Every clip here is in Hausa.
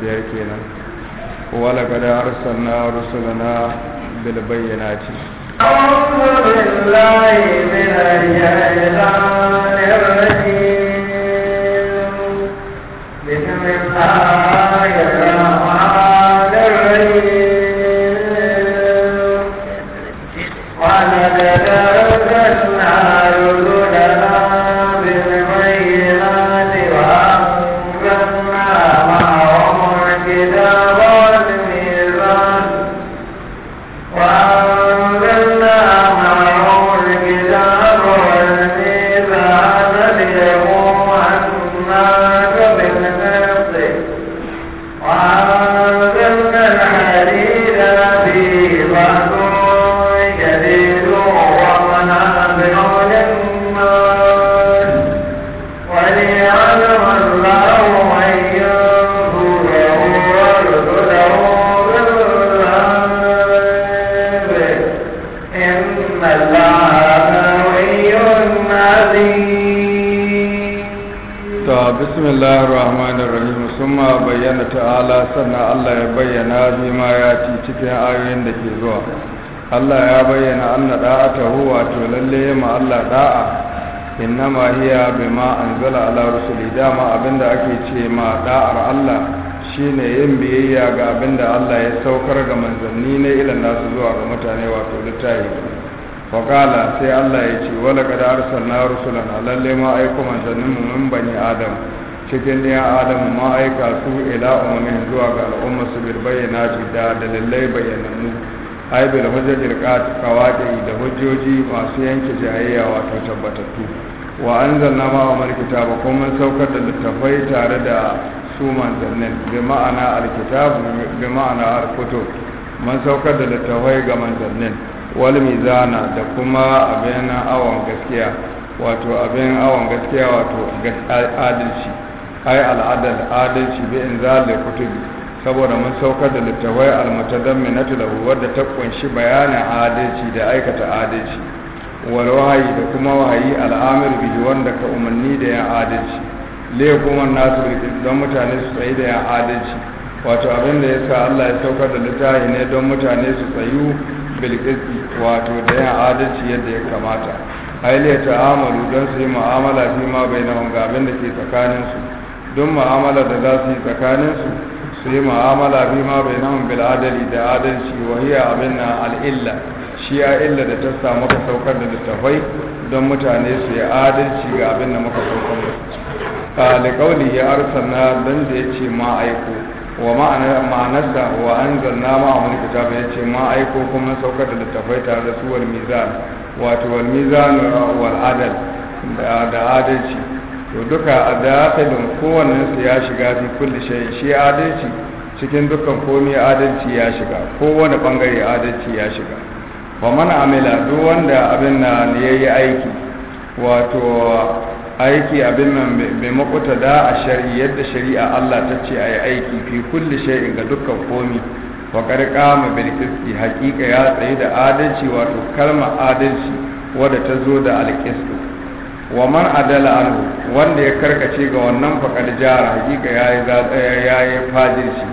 biyar kenan wala kada arsalna rusulana bil bayyinati أعوذ بالله من yake zuwa Allah ya bayyana anna huwa wato lalle ma Allah da'a innama hiya bima anzala ala rusuli dama abinda ake ce ma da'ar Allah shine yin biyayya ga abinda Allah ya saukar ga manzanni ne ilan nasu zuwa ga mutane wato littafi faqala sai Allah ya ce wala kad arsalna rusulan lalle ma aiko manzannin mu min bani adam cikin ya adamu ma aika su ila umarnin zuwa ga al'ummar su bil bayyana da dalilai bayyanannu ai bil hujjatil qawaqi da hujjoji masu yanke jayayya wato tabbatattu wa anzalna ma wa kitaba kuma mun saukar da littafai tare da su manzannin bi ma'ana alkitabu bi ma'ana alkutub mun saukar da littafai ga manzannin wal mizana da kuma abin awon gaskiya wato abin awon gaskiya wato adalci ai al'adal adalci bi in zalil kutub saboda mun saukar da littawai almutadamminatu lahu wadda ta kunshi bayanin adalci da aikata adalci wal wahayi da kuma wahayi al'amir bihi wanda ka umarni da ya adalci le kuma nasu don mutane su tsayi da ya adalci wato abin da yasa Allah ya saukar da littafi ne don mutane su tsayu bil wato da ya adalci yadda ya kamata aile ta'amalu don su yi mu'amala fi ma bainahum ga abin da ke tsakanin su don ma'amala da za su yi tsakaninsu su yi ma'amala bi ma bai nan biladari da adalci wa hiya abin na al'illa shi ya illa da ta samu ka saukar da littafai don mutane su yi adalci ga abin da muka saukar da ta alikauli ya arsana don da ya ce ma'aiko wa ma'anarsa wa an zanna ma a wani ya ce ma'aiko kuma saukar da littafai tare da su wal mizan wato wal mizan wal adal da adalci to duka a dakilin kowannen su ya shiga fi kulli shayi shi adalci cikin dukkan komi adalci ya shiga kowane bangare adalci ya shiga ba mana amila duk wanda abin na ya yi aiki wato aiki abin nan bai makuta da a shari'a yadda shari'a Allah ta ce a yi aiki fi kulli shay'in ga dukkan komi wa karkama bil qisti hakika ya tsaye da adalci wato kalma adalci wadda ta zo da alkisku wa man adala anhu wanda ya karkace ga wannan faƙar jara hakika ya yi fajirci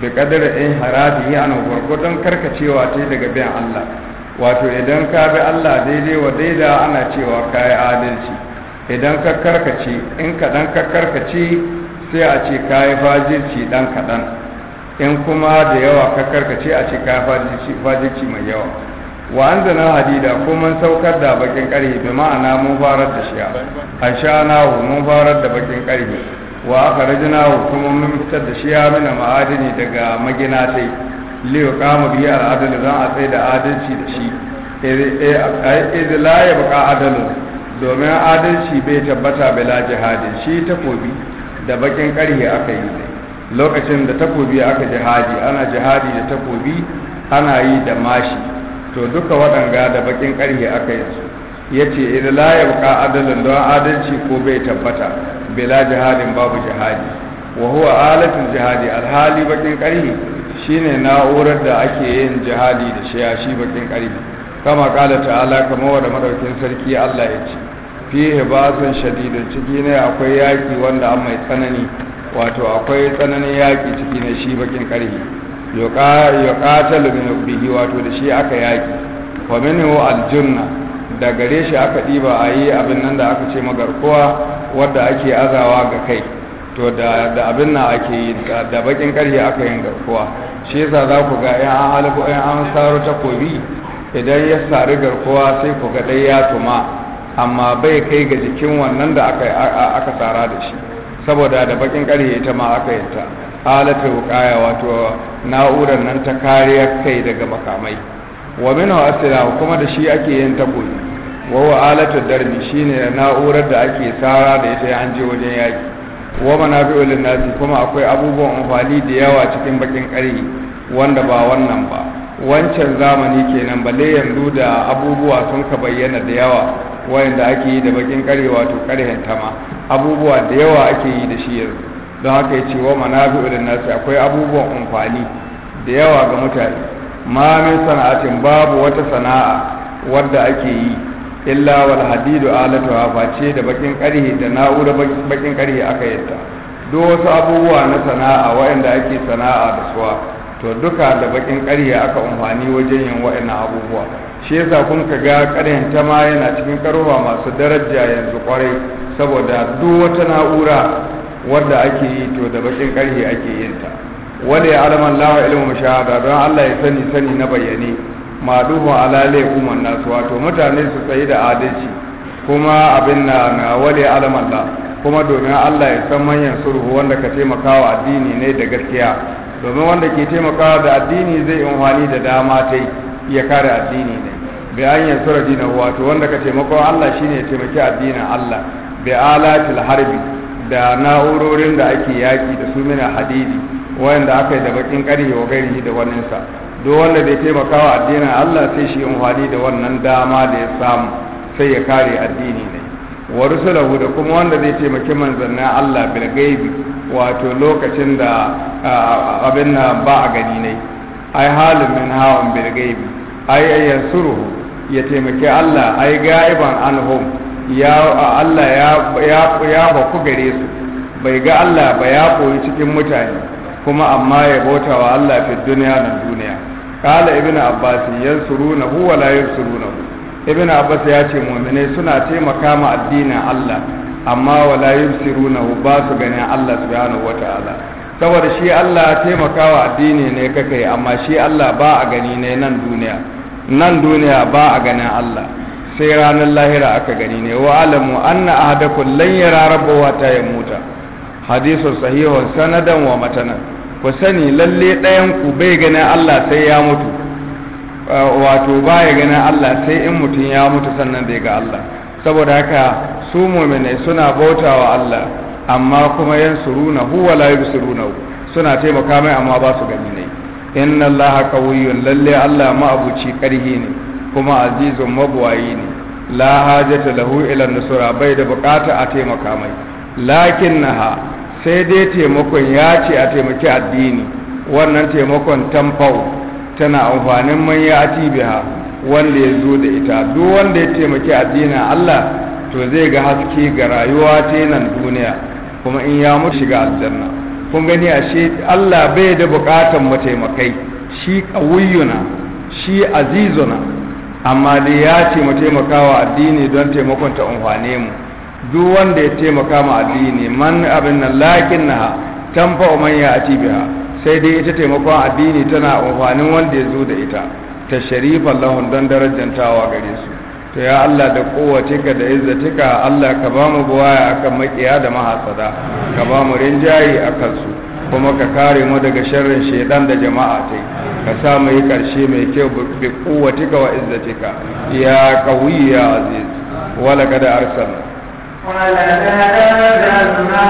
bi ƙadar in harabi ya nan gurgudan karkacewa ce daga bayan Allah wato idan ka bi Allah daidai wa daida ana cewa ka yi adalci idan ka karkace in kaɗan ka karkace sai a ce ka yi fajirci ɗan kaɗan in kuma da yawa ka karkace a ce ka yi fajirci mai yawa wa an zana hadida ko mun saukar da bakin karhe bi ma'ana mun farar da shi a sha hu mun farar da bakin ƙarfe, wa aka rajina kuma mun fitar da shi ya mina ma'adini daga magina tai liyo kama biyu al'adali zan a tsaye da adalci da shi izi e, la ya baka adalin domin adalci bai tabbata la jihadin shi takobi da bakin ƙarfe aka yi lokacin da takobi aka jihadi ana jihadi da takobi ana yi da mashi to duka waɗanga da bakin ƙarfe aka yi su ya ce idan la ya adalin don adalci ko bai tabbata bila jihadin babu jihadi wa huwa alatin jihadi alhali bakin ƙarfe shine na'urar da ake yin jihadi da shi shi bakin ƙarfe kama ƙala ta'ala kama wa da sarki Allah ya ce fihe basan shadidun ciki ne akwai yaƙi wanda an mai tsanani wato akwai tsananin yaƙi ciki ne shi bakin ƙarfe yuqatalu bihi wato da shi aka yaki wa minhu aljunna da gare shi aka diba ayi abin nan da aka ce magarkuwa wadda ake azawa ga kai to da da abin nan ake yi da bakin karye aka yin garkuwa shi yasa za ku ga yan an halaku yan an saro takobi idan ya sari garkuwa sai ku ga dai ya tuma amma bai kai ga jikin wannan da aka aka sara da shi saboda da bakin karhe ita ma aka yi ta halatu wuqaya wato na'urar nan ta kariya kai daga makamai wa min asila kuma da shi ake yin takobi wa wa alatu darbi shine na'urar da ake tsara da ita an je wajen yaki wa manafi'u nasi kuma akwai abubuwan amfani da yawa cikin bakin ƙarni wanda ba wannan ba wancan zamani kenan balle yanzu da abubuwa sun ka bayyana da yawa wayanda ake yi da bakin kare wato ƙarhen tama abubuwa da yawa ake yi da shi yanzu don haka ya ce wa manafi'u da nasi akwai abubuwan amfani da yawa ga mutane ma min sana'atin babu wata sana'a wadda ake yi illa wal hadidu alatu face da bakin karhi da na'ura bakin karhi aka yadda duk wasu abubuwa na sana'a waɗanda ake sana'a da suwa to duka da bakin karhi aka amfani wajen yin wa'annan abubuwa shi yasa kun ka ga karhin ta ma yana cikin karuwa masu daraja yanzu kwarai saboda duk wata na'ura Wanda ake yi to da bakin karhe ake yin ta wala ya alama lawa ilmu mashahada don Allah ya sani sani na bayyane maduhu ala laikuman nasu wato mutane su tsaye da adalci kuma abin na na ya alama la kuma domin Allah ya san manyan sulhu wanda ka taimakawa addini ne da gaskiya domin wanda ke taimakawa da addini zai amfani da dama ta ya kare addini ne bi an yansura wato wanda ka taimakawa Allah shine ya taimaki addinin Allah bi alatil harbi da na'urorin da ake yaki da su mina hadidi wanda aka yi da bakin karye wa gari da sa duk wanda bai taimaka wa addinin Allah sai shi wali da wannan dama da ya samu sai ya kare addini ne wa rusulahu da kuma wanda zai taimaki manzannin Allah bil gaibi wato lokacin da abin na ba a gani ne ai halin min hawan bil gaibi ai suru ya taimaki Allah ai gaiban anhum ya Allah ya baku gare su bai ga Allah ba ya koyi cikin mutane kuma amma ya bauta wa Allah fi duniya nan duniya kala ibn abbas yansuruna hu wa la yansuruna ibn abbas ya ce mu'minai suna taimaka ma addinin Allah amma wa la yansuruna ba su ganin Allah subhanahu wataala saboda shi Allah taimaka wa addini ne kake amma shi Allah ba a gani ne nan duniya nan duniya ba a ganin Allah sai ranar lahira aka gani ne wa alamu anna ahadakum lan yara rabbahu ta yamuta hadithu sahihu sanadan wa matanan ku sani lalle ɗayan ku bai ganin Allah sai ya mutu wato baya ganin Allah sai in mutum ya mutu sannan da ga Allah saboda haka su mu'minai suna bautawa Allah amma kuma yansuruna huwa la yusuruna suna taimaka mai amma ba su gani ne inna allaha qawiyyun lalle Allah ma abuci karhi ne kuma azizun mabuwayi ne la hajata lahu ila nusura bai da bukata a taimaka mai lakin naha sai dai taimakon ya ce a taimaki addini wannan taimakon tamfau tana amfanin man ya ati biha wanda ya zo da ita duk wanda ya taimaki addinin Allah to zai ga haske ga rayuwa ta nan duniya kuma in ya mutu shiga aljanna kun gani ashe Allah bai da bukatan mataimakai shi kawiyuna shi azizuna amma dai ya ce mu taimaka wa addini don taimakon ta umfane mu duk wanda ya taimaka ma addini man abin nan lakin na tamfa man ya ati biha sai dai ita taimakon addini tana umfanin wanda ya zo da ita ta sharifa lahun don darajantawa gare su to ya Allah da kowace ka da izzatika Allah ka ba mu buwaya akan makiya da mahasada ka ba mu rinjaye akan su kuma ka kare mu daga sharrin shaidan da jama'a ta ka sa mu yi karshe mai kyau bi kuwatika wa izzatika ya qawi ya aziz wala kada arsalna wala kada arsalna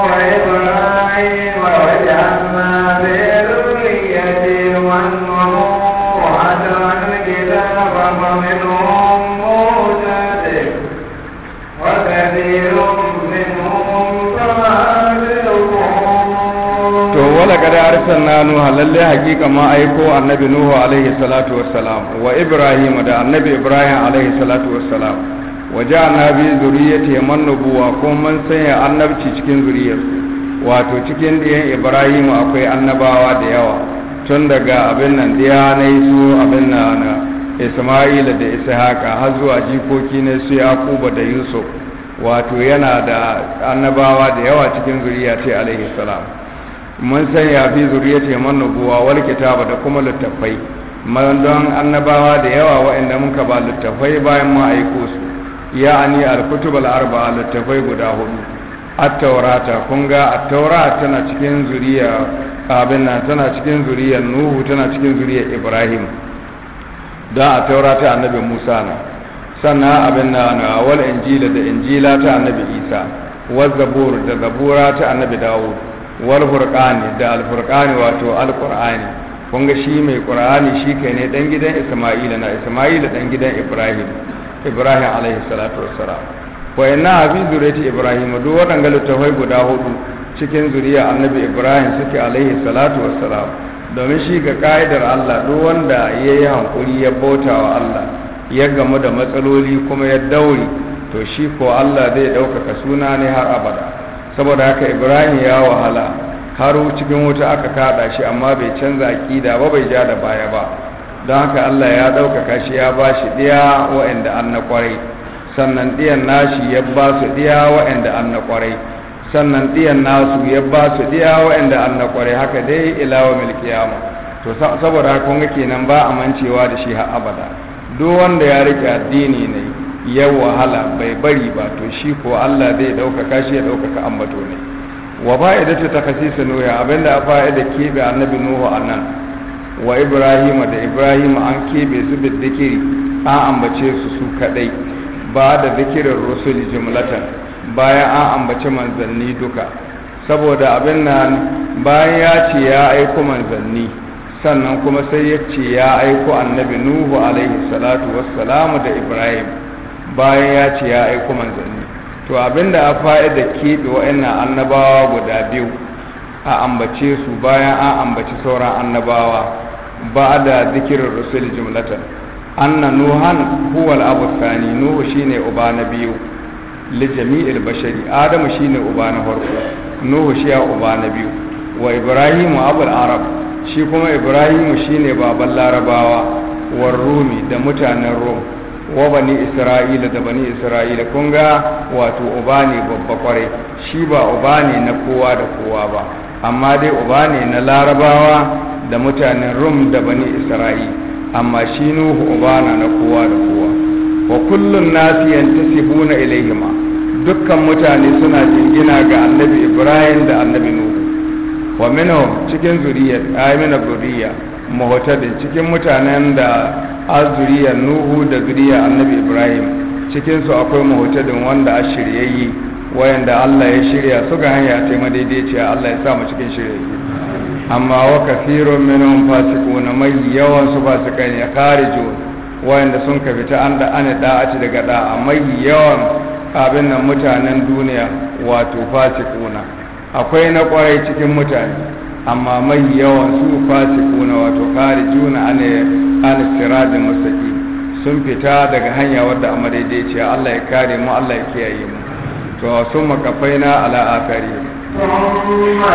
wa ibrahim da arsan na nuha lalle hakika ma aiko annabi nuhu alaihi salatu wassalam wa ibrahim da annabi ibrahim alaihi salatu wassalam wa ja annabi zuriyati man nubuwa ko man sanya annabci cikin zuriyar wato cikin diyan ibrahim akwai annabawa da yawa tun daga abin nan diya na su abin nan isma'ila da ishaqa har zuwa jikoki ne su yaquba da yusuf wato yana da annabawa da yawa cikin zuriya ce alaihi salam mun san ya fi zuriyati man nubuwa wal kitaba da kuma littafai don annabawa da yawa waɗanda ka ba littafai bayan ma aiko su ya'ani al-kutub al-arba'a littafai guda hudu at-taurata kun ga at-taura tana cikin zuriya abin nan tana cikin zuriyar nuhu tana cikin zuriyar ibrahim da at-taura ta annabi musa na sannan abin nan wal injila da injila ta annabi isa wa zabur da zabura ta annabi dawud wal furqani da al furqani wato al qur'ani kun ga shi mai qur'ani shi kai ne dan gidan isma'ila na isma'ila dan gidan ibrahim ibrahim alaihi salatu wassalam wa inna abi zuriyati ibrahim duk wadanga littafai guda hudu cikin zuriya annabi ibrahim suke alaihi salatu wassalam domin shi ga ka'idar Allah duk wanda ya yi hankuri ya bauta wa Allah ya gamu da matsaloli kuma ya dauri to shi ko Allah zai ɗaukaka suna ne har abada saboda haka ibrahim ya wahala har cikin wuta aka kada shi amma bai canza aƙida ba bai ja da baya ba don haka allah ya ɗaukaka shi ya ba shi ɗiya wa'anda an na ƙwarai sannan ɗiyan nashi ya ba su ɗiya wa'anda an na sannan ɗiyan nasu ya ba su ɗiya wa'anda an na ƙwarai haka dai ilawa milkiyama to saboda haka kun kenan ba a mancewa da shi har abada duk wanda ya rike addini ne ya wahala bai bari ba to shi ko Allah zai ɗaukaka shi ya ɗaukaka ambato ne wa fa'idatu takhsisu nuhu abinda a fa'ida kebe annabi nuhu anan wa ibrahim da Ibrahim an kebe su da dikiri an ambace su su kadai ba da dikirin rusul jumlatan bayan an ambace manzanni duka saboda abin nan bayan ya ce ya aiko manzanni sannan kuma sai ya ce ya aiko annabi nuhu alaihi salatu wassalamu da ibrahim bayan ya ce ya aiko manzanni to abinda a fa'ida keɓe wa'annan annabawa guda biyu a ambace su bayan an ambaci sauran annabawa ba da zikirin rusul jumlata. anna nuhan huwal abu sani nuhu shine uba na biyu li jami'il bashari adamu shine uba na farko nuhu shi uba na biyu wa ibrahimu abul arab shi kuma ibrahimu shine baban larabawa war rumi da mutanen Rum. wa bani isra'ila da bani isra'ila kun ga wato uba ne babba kwarai shi ba uba ne na kowa da kowa ba amma dai uba ne na larabawa da mutanen rum da bani isra'ila amma shi nuhu uba na na kowa da kowa wa kullun nasi yantasibuna ilayhima dukkan mutane suna jingina ga annabi ibrahim da annabi nuhu wa minhum cikin zuriya ayyuna zuriyya zuriya cikin mutanen da azuriya nuhu da zuriya annabi ibrahim cikinsu akwai mahotadin wanda a shiryayi wayanda allah ya shirya su ga hanya ta madaidaiciya allah ya sa mu cikin shiryayi amma wa kafirun minhum fasiqun mai yawan su ya kare kharijun wayanda sun ka fita an da ana da'aci daga da'a mai yawan abin nan mutanen duniya wato fasikuna akwai na kwarai cikin mutane amma mai yawan su fasikuna wato juna ana an sirajin sun fita daga hanya wadda amma ce, Allah ya kare mu Allah ya kiyaye mu to sun makafaina ala akari ثم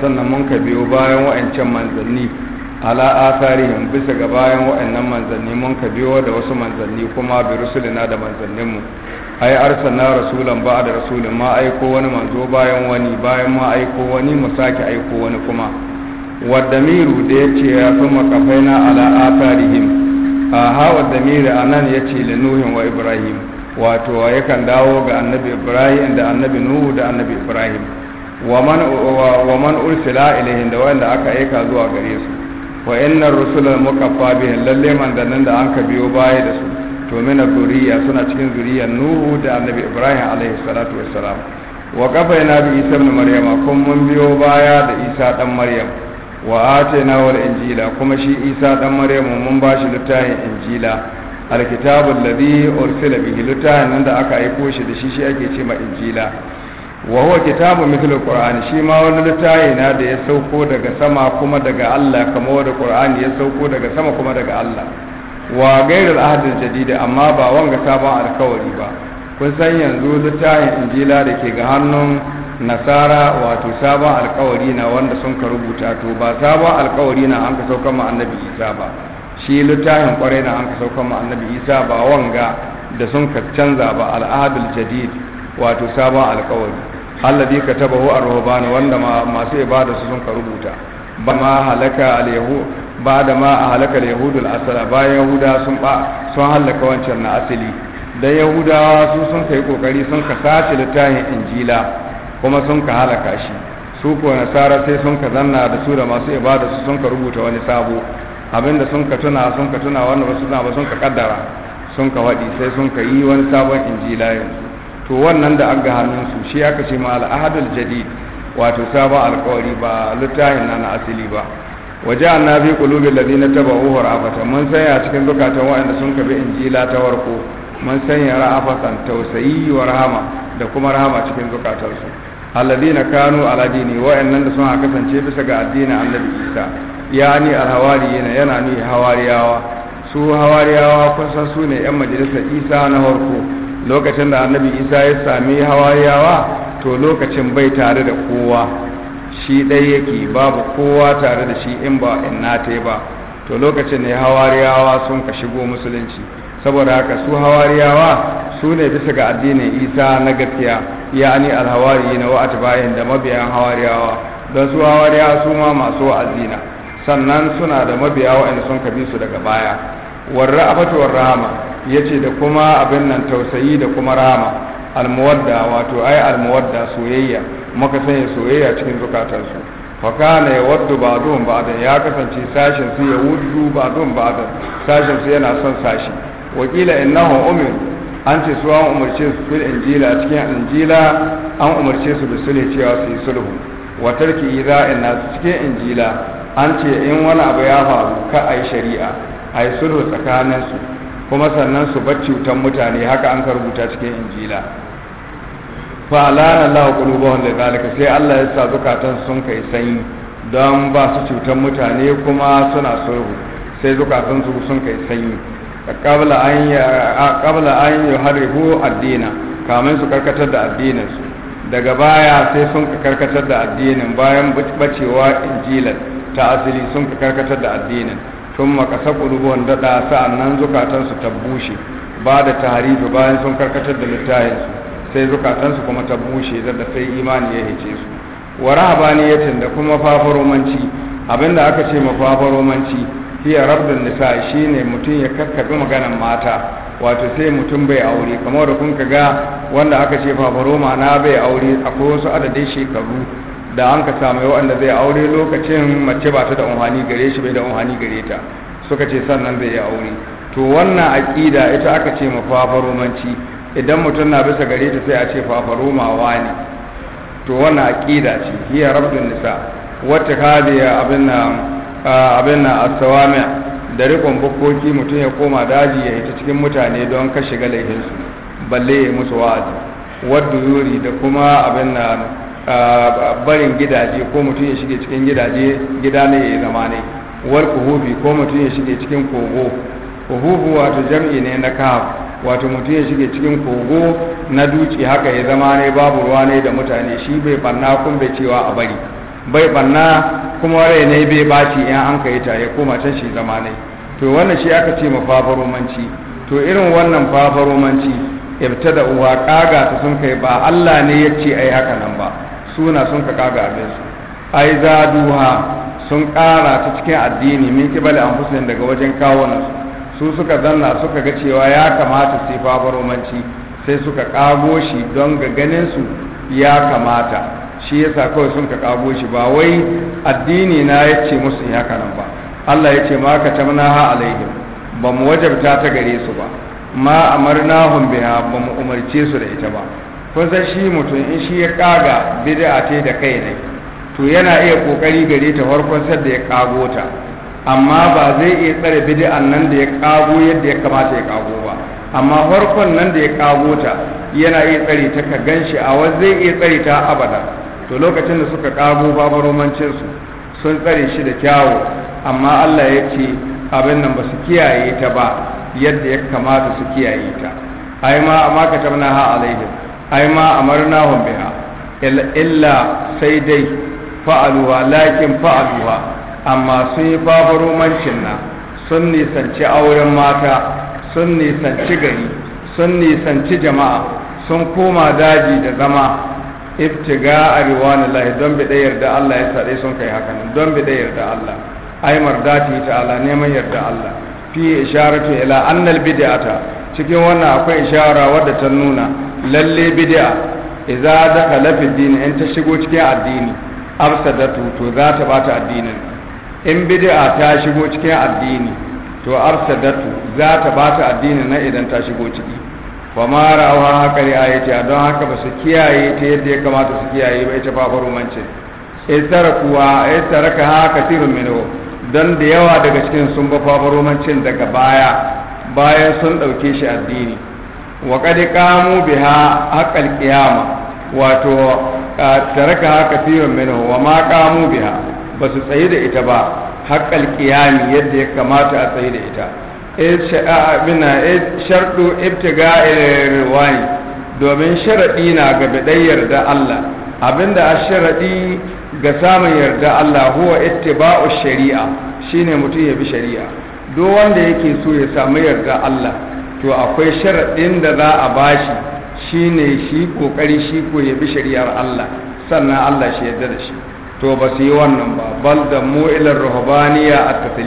sannan mun ka biyo bayan wa'ancan manzanni ala asarihim bisa ga bayan wa'annan manzanni mun ka biyo da wasu manzanni kuma bi rusulina da manzanninmu ai arsalna rasulan ba da rasulin ma aiko wani manzo bayan wani bayan ma aiko wani mu sake aiko wani kuma wadamiru da yace ya fi makafaina ala asarihim a hawa damiri a nan ya ce nuhin wa ibrahim wato yakan dawo ga annabi ibrahim da annabi nuhu da annabi ibrahim wa man ursila ilayhim da wanda aka aika zuwa gare su wa inna rusulal mukaffa bihi lalle man da nan da anka biyo baya da su to mina zuriya suna cikin zuriyar nuhu da annabi ibrahim alaihi salatu wassalam wa qabaina bi isa ibn maryam kun mun biyo baya da isa dan maryam wa atayna wal injila kuma shi isa dan maryam mun bashi littafin injila alkitabul ladhi ursila bihi littafin da aka aiko shi da shi shi ake cewa injila wa huwa kitabu mithlu qur'an shi ma wani littafi na da ya sauko daga sama kuma daga Allah kamar wanda qur'ani ya sauko daga sama kuma daga Allah wa gairul ahadin jadida amma ba wanga sabon alkawari ba kun san yanzu littafin injila da ke ga hannun nasara wato sabon alkawari na wanda sun ka rubuta to ba sabon alkawari na an ka sauka ma annabi isa ba shi littafin kwarai na an ka sauka ma annabi isa ba wanga da sun ka canza ba al'adul jadid wato sabon alkawari alladhi katabahu ar-ruhban wanda masu ibada su sun rubuta ba ma halaka al yahu ba da ma halaka al-yahud al-asala ba yahuda sun ba sun halaka wancan na asali da yahudawa su sun kai kokari sun ka sace littafin injila kuma sun ka halaka shi su ko nasara sai sun ka zanna da su da masu ibada su sun ka rubuta wani sabo abinda sun ka tuna sun ka tuna wanda ba su tuna ba sun ka kaddara sun ka waɗi sai sun ka yi wani sabon injila yanzu to wannan da an ga hannunsu shi aka ce ma al'ahadul jadid wato saba alkawari ba littafin na na asili ba waje an na fi kulubin lazi na taba uhur afatan mun sanya cikin zukatan wa'anda sun kabi injila ta warko mun sanya ra'afatan tausayi wa rahama da kuma rahama cikin zukatansu alladina kanu ala dini wa'annan da sun ha kasance bisa ga addinin annabi isa yani alhawari yana ni hawariyawa su hawariyawa kusan su ne yan majalisar isa na warko lokacin da annabi isa ya sami hawayawa to lokacin bai tare da kowa shi ɗai yake babu kowa tare da shi in ba in nata ba to lokacin ne hawariyawa sun ka shigo musulunci saboda haka su hawariyawa su ne bisa ga addinin isa na gaskiya ya yani alhawari na wa'at bayan da mabiyan hawariyawa don su hawariyawa su ma masu wa'azina sannan suna da mabiya wa'anda sun ka bi su daga baya warra abatu warrahama yace da kuma abin nan tausayi da kuma rama, almuwadda wato ai almuwadda soyayya muka sanya soyayya cikin zukatansu fakana ya waddu ba da ya kasance sashin su ya wuddu ba da, sashin su yana son sashi wakila innahu umir an ce su an umarce su fil injila cikin injila an umarce su da sulhu cewa su yi sulhu wa tarki ida'in inna cikin injila an ce in wani abu ya faru ka ai shari'a ai sulhu tsakaninsu kuma sannan su bar cutar mutane haka an ka rubuta cikin injila fa Allah Allah qulubuhum da zalika sai Allah ya sa zukatan sun kai sanyi don ba su cutan mutane kuma suna sulhu sai zukatan su sun kai sanyi kabla an ya kabla an harihu addina kamin su karkatar da addinin su daga baya sai sun karkatar da addinin bayan bacewa injilan ta asali sun karkatar da addinin sun makasa ƙudubuwan daɗa sa'annan zukatansu ta bushe ba da tarihi bayan sun karkatar da littayensu sai zukatansu kuma ta bushe da sai imani ya hice su wa ya da kuma fafaromanci abinda aka ce mafafaromanci fafaromanci hiya nisa shine mutum ya kakkabi maganan mata wato sai mutum bai aure kamar da kun ga wanda aka ce fafaroma na bai aure akwai wasu adadin shekaru da an ka samu wanda zai aure lokacin mace ba ta da umhani gare shi bai da umhani gare ta suka ce sannan zai yi aure to wannan aƙida ita aka ce mu fafaromanci idan mutum na bisa gare ta sai a ce fafaromawa ne to wannan aƙida ce hiya rabdun nisa wata kadiya abin na asawami da rikon bukkoki mutum ya koma daji ya ita cikin mutane don kashe shiga su balle ya musu wa'azi wadda da kuma abin na barin gidaje ko mutum ya shige cikin gidaje gida ne ya zama ne war kuhufi ko mutum ya shige cikin kogo kuhufu wato jam'i ne na kaf wato mutum ya shige cikin kogo na duci haka ya zama ne babu ruwa ne da mutane shi bai banna kun bai cewa a bari bai banna kuma rai ne bai baci in an kai ta ya koma can shi zama ne to wannan shi aka ce mafafaromanci to irin wannan fafaromanci ibtada uwa kaga ta sun kai ba Allah ne ya ce ai haka nan ba suna sun ka kaga abin su ai za duha sun kara ta cikin addini min kibali anfusin daga wajen kawon su suka zanna suka ga cewa ya kamata su fabaromanci sai suka kago shi don ga ganin su ya kamata shi yasa kawai sun ka kago shi ba wai addini na ya ce musu ya kanan ba Allah ya ce ma ka tamna ha alaihim ba mu wajabta ta gare su ba ma amarnahum biha ba mu umarce su da ita ba san shi mutum in shi ya kaga bid'a ce da kai ne to yana iya kokari gare ta farkon sar da ya kago ta amma ba zai iya tsare bid'an nan da ya kago yadda ya kamata ya kago ba amma farkon nan da ya kago ta yana iya tsare ta ka ganshi a wani zai iya tsare ta abada to lokacin da suka kago romancin su sun tsare shi da kyawu amma Allah ya ce abin nan ba su kiyaye ta ba yadda ya kamata su kiyaye ta ai ma amma ka tabna ha alaihim ai ma amarna hum biha illa sai dai fa'aluwa lakin fa'aluwa amma sun yi babaromancin na sun nisanci auren mata sun nisanci gari sun nisanci jama'a sun koma daji da zama iftiga a riwani lahi don bi yarda Allah ya saɗe sun kai haka nan, don bi yarda Allah ai mardati ta'ala neman yarda Allah fi isharatu ila annal bid'ata cikin wannan akwai ishara wadda ta nuna lalle bid'a idza dakhala fi dini in ta shigo cikin addini afsadatu to za ta bata addinin in bid'a ta shigo cikin addini to afsadatu za ta bata addinin na idan ta shigo ciki fa ma rawa haka ne ayati don haka ba su kiyaye ta yadda ya kamata su kiyaye ba ita Isara kuwa isara ka ha kathirun mino don da yawa daga cikin sun ba fa romancin daga baya bayan sun ɗauke shi addini wa ƙadi kamu biha haƙƙal ƙiyama wato taraka haka firin mino wa ma kamu biha ba su tsaye da ita ba haƙƙal ƙiyami yadda ya kamata a tsaye da ita mina eh, eh, sharɗu ibtiga riwani domin sharaɗi na ga biɗai yarda Allah abinda a sharaɗi ga samun yarda Allah huwa ittiba'u shari'a shine mutum ya bi shari'a duk wanda yake so ya samu yarda Allah to akwai sharaɗin da za a bashi shine shi kokari shi ko ya bi shari'ar Allah sannan Allah shi ya da shi to ba su yi wannan ba bal da mu ilar ruhbaniya at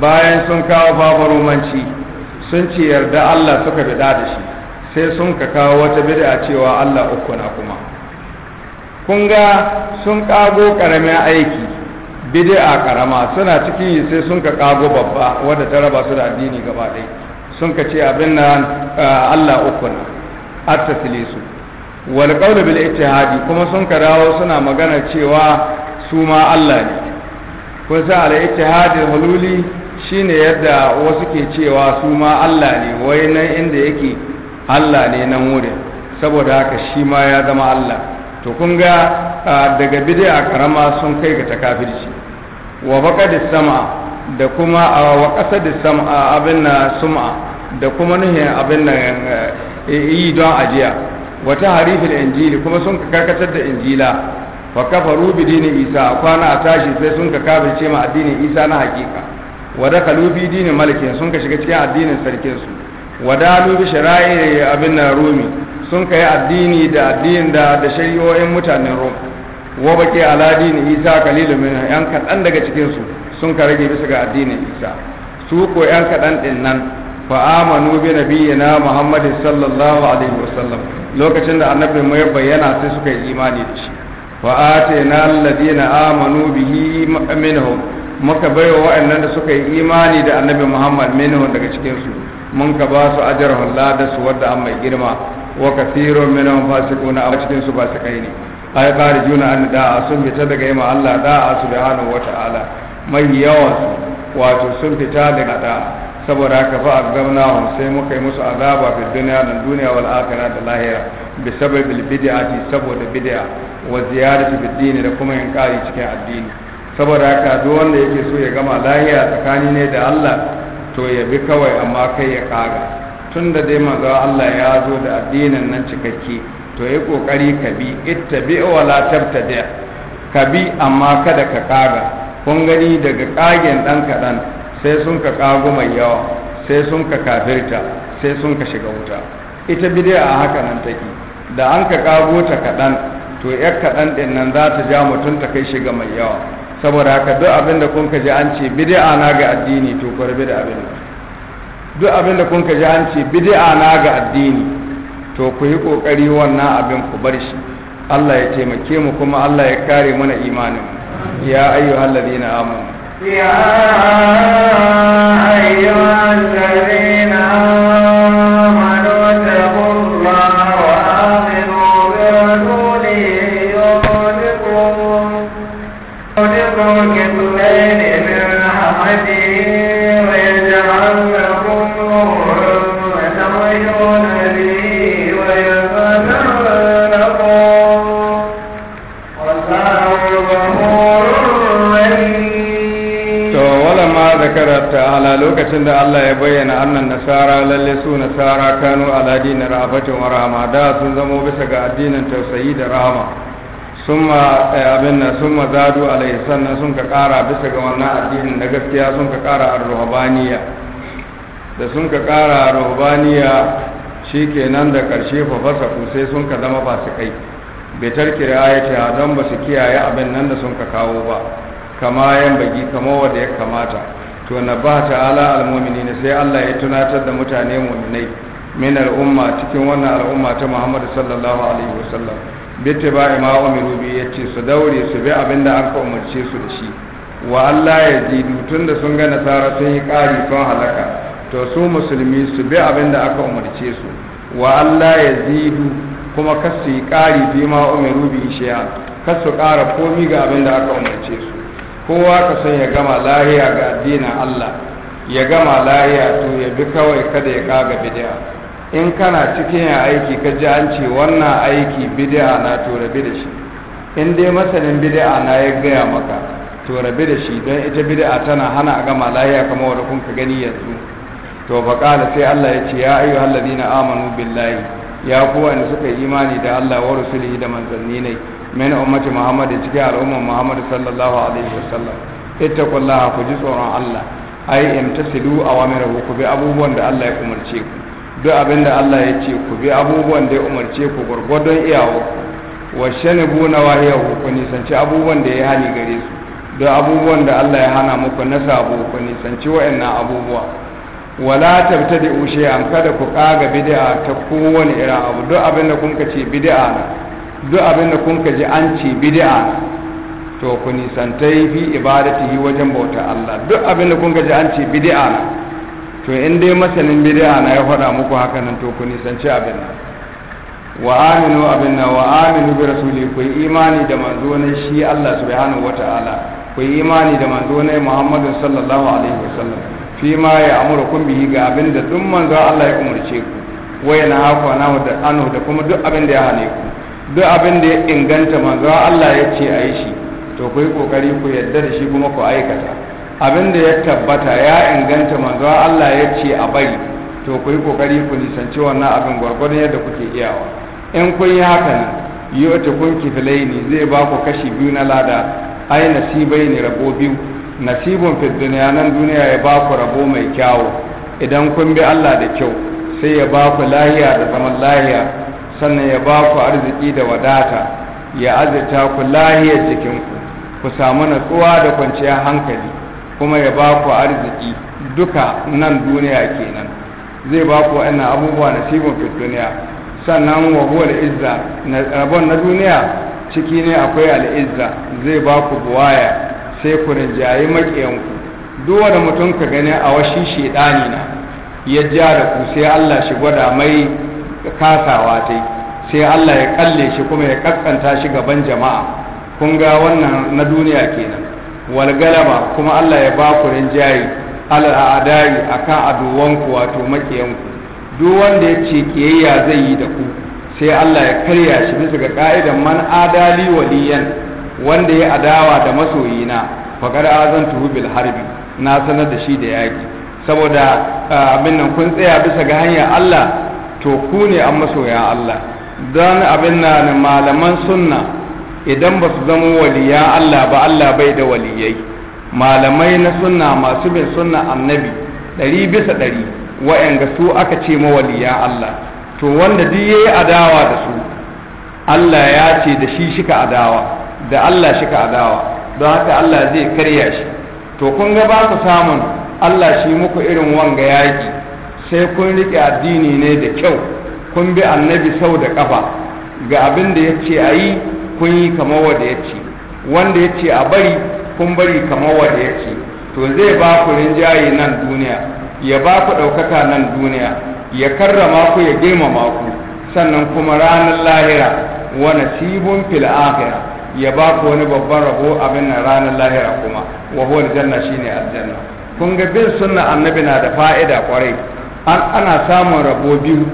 bayan sun kawo babarumanci sun ce yarda Allah suka bida da shi sai sun ka kawo wata bid'a cewa Allah uku na kuma kun ga sun kago karamin aiki bid'a karama suna cikin sai sun ka kago babba wadda ta raba su da addini gaba ɗaya sun ka ce abin na ah, Allah uku na at-taslisu wal qawl bil ittihadi kuma sun ka dawo suna magana cewa su ma Allah ne kun san al ittihadi hululi shine yadda wasu ke cewa su ma Allah ne wai nan inda yake Allah ne nan wuri saboda haka shi ma ya zama Allah to kun ga ah, daga bid'a karama sun kai ga takafirci wa faqadis sama da kuma wa qasadis sama abin na sum'a da kuma nuhin abin na eh, yi don ajiya wa harifin injili kuma sun ka karkatar da injila fa kafaru bi dini isa kwana a tashi sai sun ka ma addinin isa na hakika wa dakalu bi dini malikin sun ka shiga cikin addinin sarkinsu. su wa dalu bi shara'i abin na rumi sun ka yi addini da addinin da da shari'o'in mutanen rumi wa baki ala dini isa kalilu min yan kadan daga cikin su sun ka rage bisa ga addinin isa su ko yan kadan din nan fa amanu bi nabiyina muhammad sallallahu alaihi wasallam lokacin da annabi mu ya bayyana sai suka yi imani da shi wa atayna alladina amanu bihi minhum muka baiwa wa'annan da suka yi imani da annabi muhammad minhum daga cikin su mun ka ba su ajrahum la su wadda an mai girma wa kathirun minhum fasiquna a cikin su fasikai ne ai da juna an da'a sun fita daga yima Allah da'a subhanahu wata'ala mai yawa wato sun fita daga da'a saboda haka fa azabnahu sai muka yi musu azaba fi dunya da duniya wal akhirah da lahira bi al bid'ati saboda bid'a wa ziyadati bid din da kuma yin kai cikin addini saboda haka duk wanda yake so ya gama lahiya tsakani ne da Allah to ya bi kawai amma kai ya kaga tunda dai manzo Allah ya zo da addinin nan cikakke to yi kokari ka bi ittabi wala tabtadi ka bi amma kada ka kaga kun gani daga kagen dan kadan sai sun ka kago mai yawa sai sun ka kafirta sai sun ka shiga wuta ita a haka nan take da an ka kago ta kadan to yar kadan din nan za ta ja mutun ta kai shiga mai yawa saboda haka duk abin da kun ka ji an ce bid'a na ga addini to kwarbi da abin duk abin da kun ka ji an ce bid'a na ga addini to ku yi ƙoƙari wannan abin ku bar shi Allah ya taimake mu kuma Allah ya kare mana imanin ya ayyuhal ladina amanu ya ayyuhal amanu lokacin da Allah ya bayyana annan nasara lalle su nasara kanu ala dinin rahabatin wa rahama da sun zamo bisa ga addinin tausayi da rahama summa eh, abin nan summa zadu alaihi sannan sun ka kara bisa ga wannan addinin na gaskiya sun ka kara ar-ruhbaniya da sun ka kara ar-ruhbaniya shikenan da karshe fa fasaku sai sun ka zama fasikai bai tarki ayati don ba su kiyaye abin nan da sun ka kawo ba kama yan bagi kama wanda ya kamata to na ba ta ala almomini ne sai Allah ya tunatar da mutane mu'minai min al'umma cikin wannan al'umma ta Muhammadu sallallahu alaihi wasallam bitte ba ma umiru bi yace su daure su bi abinda an ka umarce su da shi wa Allah ya ji tun da sun ga nasara sun yi ƙari sun halaka to su musulmi su bi abinda aka umarce su wa Allah ya zidu kuma kasu yi ƙari bi ma umiru bi shi'a kasu ƙara komi ga abin da aka umarce su kowa ka san ya gama lahiya ga addinin Allah ya gama lahiya to ya bi kawai kada ya kaga bid'a in kana cikin ya aiki ka ji an ce wannan aiki bid'a na to rabi da shi in dai masanin bid'a na ya gaya maka to rabi da shi don ita bid'a tana hana a gama lahiya kamar wanda kun ka gani yanzu to fa kala sai Allah ya ce ya ayyuhal ladina amanu billahi ya kuwa ne suka yi imani da Allah wa rasulihi da manzanni ne min ummati muhammad cikin al'ummar muhammad sallallahu alaihi wasallam ittaqullaha ku ji tsoron Allah ai imtasidu awamirahu ku bi abubuwan da Allah ya umarce ku duk abin da Allah ya ce ku bi abubuwan da ya umarce ku gurgurdon iyawo wa shanibu nawahiyahu ku nisanci abubuwan da ya hani gare su duk abubuwan da Allah ya hana muku na sabo ku nisanci wa'annan abubuwa wala tabtadi'u an kada ku kaga bid'a ta kowane irin abu duk abin da kun ce bid'a na duk abin da kun ji an ce bid'a to ku nisantai fi ibadatihi wajen bauta Allah duk abin da kun ji an ce bid'a to in dai masanin bid'a na ya faɗa muku haka nan to ku nisanci abin nan wa aminu abin nan wa aminu bi rasuli ku yi imani da manzo ne shi Allah subhanahu wataala ku yi imani da manzo ne Muhammadu sallallahu alaihi wasallam fi ma ya amurukum bihi ga abin da duk manzo Allah ya umurce ku wayana hakwa na da anu da kuma duk abin da ya hane ku duk abin da ya inganta manzo Allah ya ce a yi shi to ku yi kokari ku yarda da shi kuma ku aikata abin da ya tabbata ya inganta manzo Allah ya ce a bari to ku yi kokari ku nisanci wannan abin gwargwadon yadda kuke iyawa in kun yi haka ne yi wata kun filaini zai ba ku kashi biyu na lada ai nasibai ne rabo biyu Nasibin fi duniya nan duniya ya ba ku rabo mai kyawu idan kun bi Allah da kyau sai ya ba ku lahiya da zaman lahiya sannan ya ba ku arziki da wadata ya azita ku lahiyar jikinku ku samu natsuwa da kwanciyar hankali kuma ya ba ku arziki duka nan duniya kenan zai ba ku ina abubuwa na fit duniya sannan wa huwa izza rabon na duniya ciki ne akwai al'izza zai ba ku buwaya sai ku rinjayi maƙiyanku duk wanda mutum ka gani a washi shedani na ya ja da ku sai Allah shi gwada mai kasawa ta sai Allah ya kalle shi kuma ya kaskanta shi gaban jama'a kun ga wannan na duniya kenan wal galaba kuma Allah ya ba ku rinjaye alal a akan aduwanku wato makiyanku duk wanda ya ce kiyayya zai yi da ku sai Allah ya karya shi bisa ga ka'idan man adali waliyan wanda ya adawa da masoyina faqad azantu bil harbi na sanar da shi da yaki saboda ah, abin nan kun tsaya bisa ga hanyar Allah to ku ne an masoya Allah don abin na malaman sunna idan ba su zama waliya Allah ba Allah bai da waliyai malamai na sunna masu bin sunna annabi ɗari bisa ɗari wa'yanga su aka ce mawaliya Allah to wanda duk ya yi adawa da su Allah ya ce da shi shika adawa da Allah shika adawa don haka Allah zai karya shi to kun ga ba ku samun Allah shi muku irin wanga yaki sai kun riƙe addini ne da kyau kun bi annabi sau da ƙafa ga abin da ya ce a yi kun yi kamar wanda ya ce wanda ya ce a bari kun bari kamar wanda ya ce to zai ba ku rinjaye nan duniya ya ba ku ɗaukaka nan duniya ya karrama ku ya girmama ku sannan kuma ranar lahira wa nasibun fil ya ba ku wani babban rabo abin nan ranar lahira kuma wa huwa aljanna shine aljanna kun ga bin sunna annabi na da fa'ida kwarai ana samun rabo biyu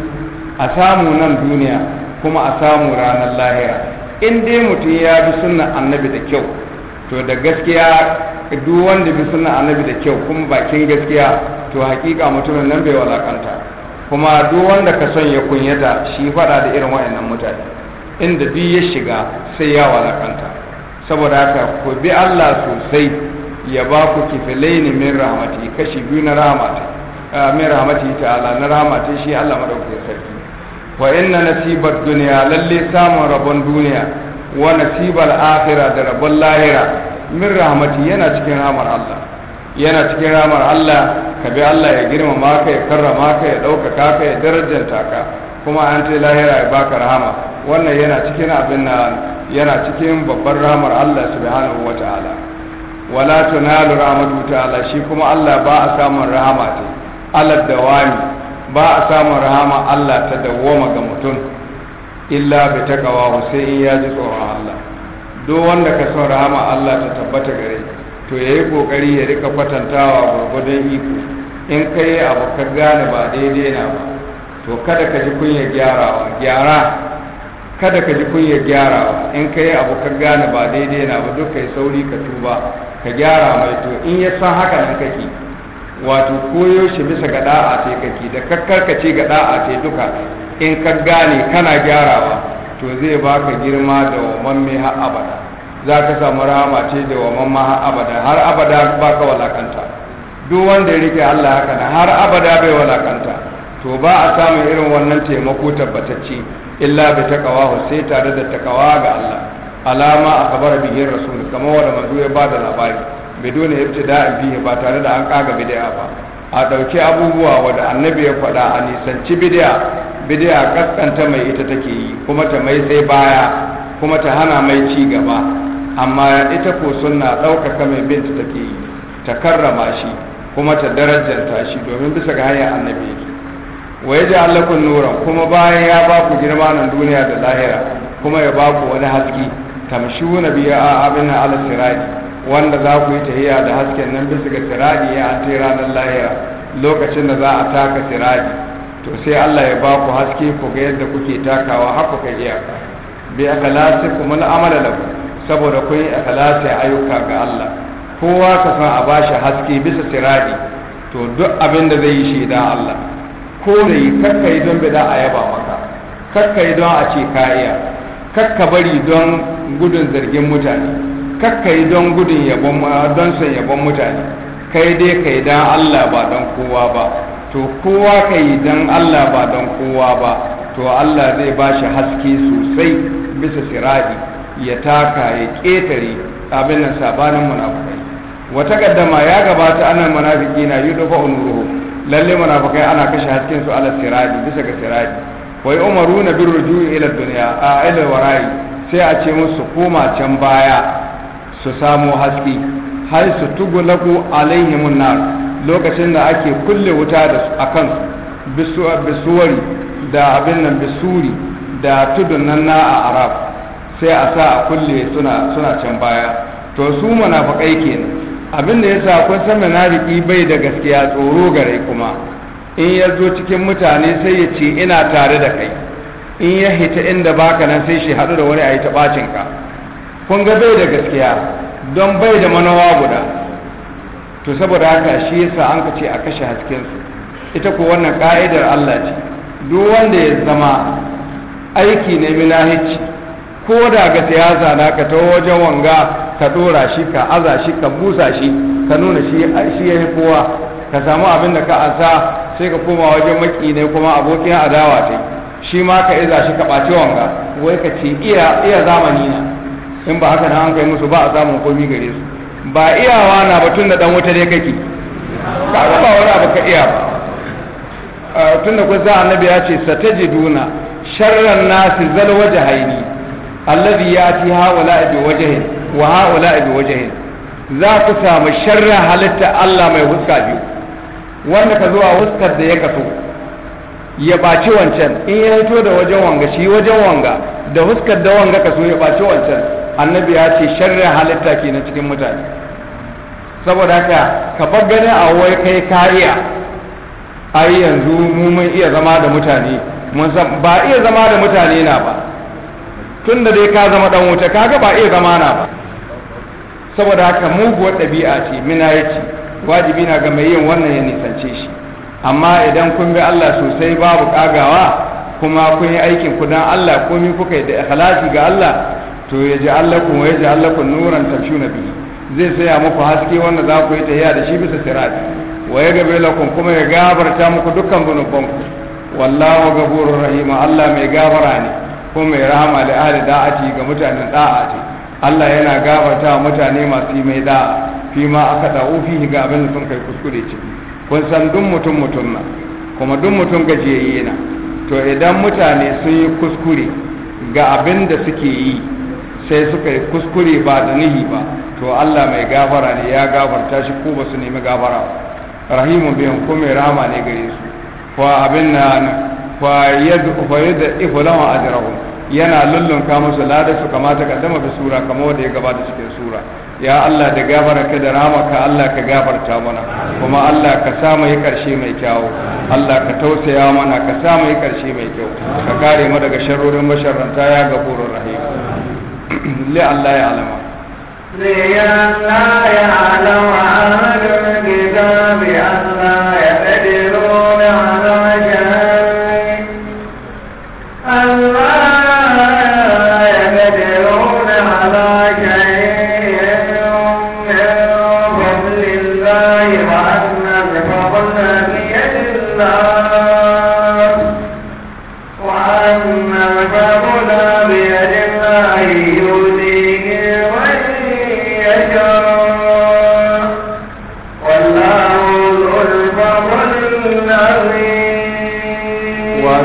a samu nan duniya kuma a samu ranar lahira in dai mutum ya bi sunan annabi da kyau to da gaskiya duk wanda bi sunan annabi da kyau kuma bakin gaskiya to hakika mutumin nan bai walakanta kuma duk wanda ka son ya kunyata shi fada da irin wayannan mutane inda biyu ya shiga sai ya walakanta saboda haka ku bi Allah sosai ya ba ku kifilai min rahmati kashi biyu na rahmati min rahmati ta'ala na rahmatin shi Allah madaukakin sarki wa inna nasibar duniya lalle samun rabon duniya wa nasibar akhira da rabon lahira min rahmati yana cikin rahmar Allah yana cikin rahmar Allah ka bi Allah ya girmama ka ya karrama ka ya ɗaukaka ka ya darajanta ka kuma an ce lahira ya baka rahama wannan yana cikin abin na yana cikin babbar rahmar Allah subhanahu wa ta'ala wala tunalu rahmatu ta'ala shi kuma Allah ba a samun rahama ta alad dawami ba a samun rahama Allah ta dawwama ga mutum illa bi taqwa sai in ya ji tsoron Allah duk wanda ka son rahama Allah ta tabbata gare to yayi kokari ya rika kwatantawa gurgudun iko in kai abu ka gane ba daidai na ba to kada ka ji kunya gyarawa gyara kada ka ji kunya gyarawa in kai abu ka gane ba daidai na ba duk kai sauri ka tuba ka gyara mai to in ya san haka nan kake wato koyo shi bisa ga da'a ce kake da kakkarkace ga da'a ce duka in ka gane kana gyarawa to zai baka girma da waman mai har abada za ka samu rahama ce da waman ma har abada har abada baka walakanta duk wanda ya rike Allah haka na har abada bai walakanta to ba a samun irin wannan taimako tabbatacce illa bi taqwa sai tare da takawa ga Allah alama akbar bihi rasul kamar wanda manzo ya bada labari bidon ibtida'in bihi ba tare da an kaga bid'a ba a ɗauki abubuwa wanda annabi ya faɗa a nisanci bid'a bid'a kaskanta mai ita take yi kuma ta mai sai baya kuma ta hana mai ci gaba amma ita ko sunna ɗaukaka mai binta take yi ta karrama shi kuma ta darajanta shi domin bisa ga hanyar annabi yake wa ya ji allakun nuran kuma bayan ya ba ku girma nan duniya da lahira kuma ya ba ku wani haske tamshu na biya a abin na alasirai. wanda za ku yi tahiya da hasken nan bisa ga siradi ya an tera nan lahira lokacin da za a taka siradi to sai Allah ya ba ku haske ku ga yadda kuke takawa har ku kai iyaka bi akhlasi kuma amala da ku. saboda ku yi akhlasi ayyuka ga Allah kowa ka san a ba shi haske bisa siradi to duk abin da zai yi shi idan Allah ko da yi kakka yi don bida a yaba maka kakka yi don a ce ka iya kakka bari don gudun zargin mutane kakkai don gudun yabon don san yabon mutane kai dai kai dan Allah ba dan kowa ba to kowa kai dan Allah ba dan kowa ba to Allah zai ba shi haske sosai bisa siraji ya taka ya ketare abin nan sabanin munafikai wata kaddama ya gabata anan munafiki na yudufa unuruhu lalle munafukai ana kashe hasken su ala siraji bisa ga siraji wai umaru na bin rujui ila duniya a ila warai sai a ce musu koma can baya su samu haske har su tugu tugulaku alaihimun nar lokacin da ake kulle wuta da a kansu bisuwari da abin nan bisuri da tudun nan na a arab sai a sa a kulle suna suna can baya to su munafikai kenan abin da yasa kun san munafiki bai da gaskiya tsoro gare kuma in ya zo cikin mutane sai ya ce ina tare da kai in ya hita inda baka nan sai shi haɗu da wani a yi ta bacin ka kun ga bai da gaskiya don bai da manawa guda to saboda haka shi yasa an kace a kashe hasken su, ita ko wannan ka'idar Allah ce duk wanda ya zama aiki ne milahici ko da ga siyasa na ka ta wajen wanga ka dora shi ka aza shi ka busa shi ka nuna shi ya kowa ka samu abin da ka asa sai ka koma wajen maki ne kuma abokin adawa ce shi ma ka iza shi ka ɓaci wanga wai ka ce iya zamani in ba haka na an kai musu ba a samun komi gare su ba iyawa na batun da dan wuta dai kake ba ga ba wani abu ka iya ba tun da kusa annabi ya ce duna sharran nasi zalwa jahaini alladhi yati haula bi wajhi wa haula bi wajhi za ku samu sharra halitta Allah mai huska biyu wanda ka zuwa huskar da ya kaso ya baci wancan in ya to da wajen wanga shi wajen wanga da huskar da wanga ka so ya baci wancan annabi ya ce sharri halitta ke na cikin mutane saboda haka ka bar gani a wai kai kariya ai yanzu mu mun iya zama da mutane mun san ba iya zama da mutane na ba tun da dai ka zama dan wuta kaga ba iya zama na ba saboda haka muguwar ɗabi'a ce mina yace wajibi na ga mai yin wannan ya nisance shi amma idan kun bi Allah sosai babu kagawa kuma kun yi aikin ku dan Allah komai kuka yi da ikhlasi ga Allah to ya ji allakun wa ya ji allakun nuran tamshu na biyu zai saya muku haske wanda za ku yi tahiya da shi bisa sirat wa ya gabe lakun kuma ya gabarta muku dukkan zunubanku wallahu gafurur rahim Allah mai gabara ne kuma mai rahama da ahli da'ati ga mutanen da'ati Allah yana wa mutane masu yi mai da'a fi ma aka dawo fi ga abin da sun kai kuskure ci kun san duk mutum mutum na kuma duk mutum gajiyayye na to idan mutane sun yi kuskure ga abin da suke yi sai suka yi kuskure ba da nihi ba to Allah mai gafara ne ya gafarta shi ko ba su nemi gafara rahimu biyan ko mai rahama ne gare su fa abin na fa yadda fa yadda iflama ajrahum yana lullunka musu lada su kamata ka dama da sura kamar wanda ya gabata cikin sura ya Allah da gafara ka da rama ka Allah ka gafarta mana kuma Allah ka sa mai yi karshe mai kyau Allah ka tausaya mana ka sa mai karshe mai kyau ka kare mu daga sharrorin masharanta ya gafurur rahim لئلا يعلم لئلا يعلم أهل الكتاب أن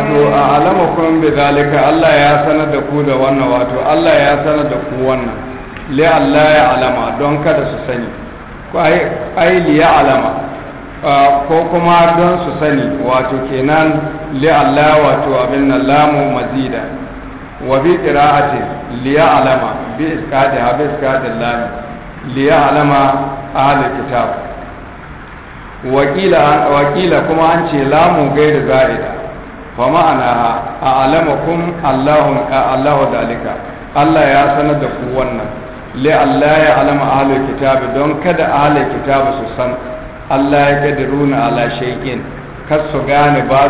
wato a kun bi zalika Allah ya sanar da ku da wannan wato Allah ya sanar da ku wannan li Allah ya alama don kada su sani ko ai li ya alama ko kuma don su sani wato kenan li Allah wato abin nan lamu mazida wa bi qira'ati li ya alama bi iskadi ha bi iskadi lam li ya alama ahli kitab wakila kuma an ce lamu gaida za'ida فمعناها أعلمكم الله الله ذلك الله dalika Allah ya sanar da ku wannan li Allah ya alama ahlul kitab don kada ahlul kitab su san Allah ya gane ba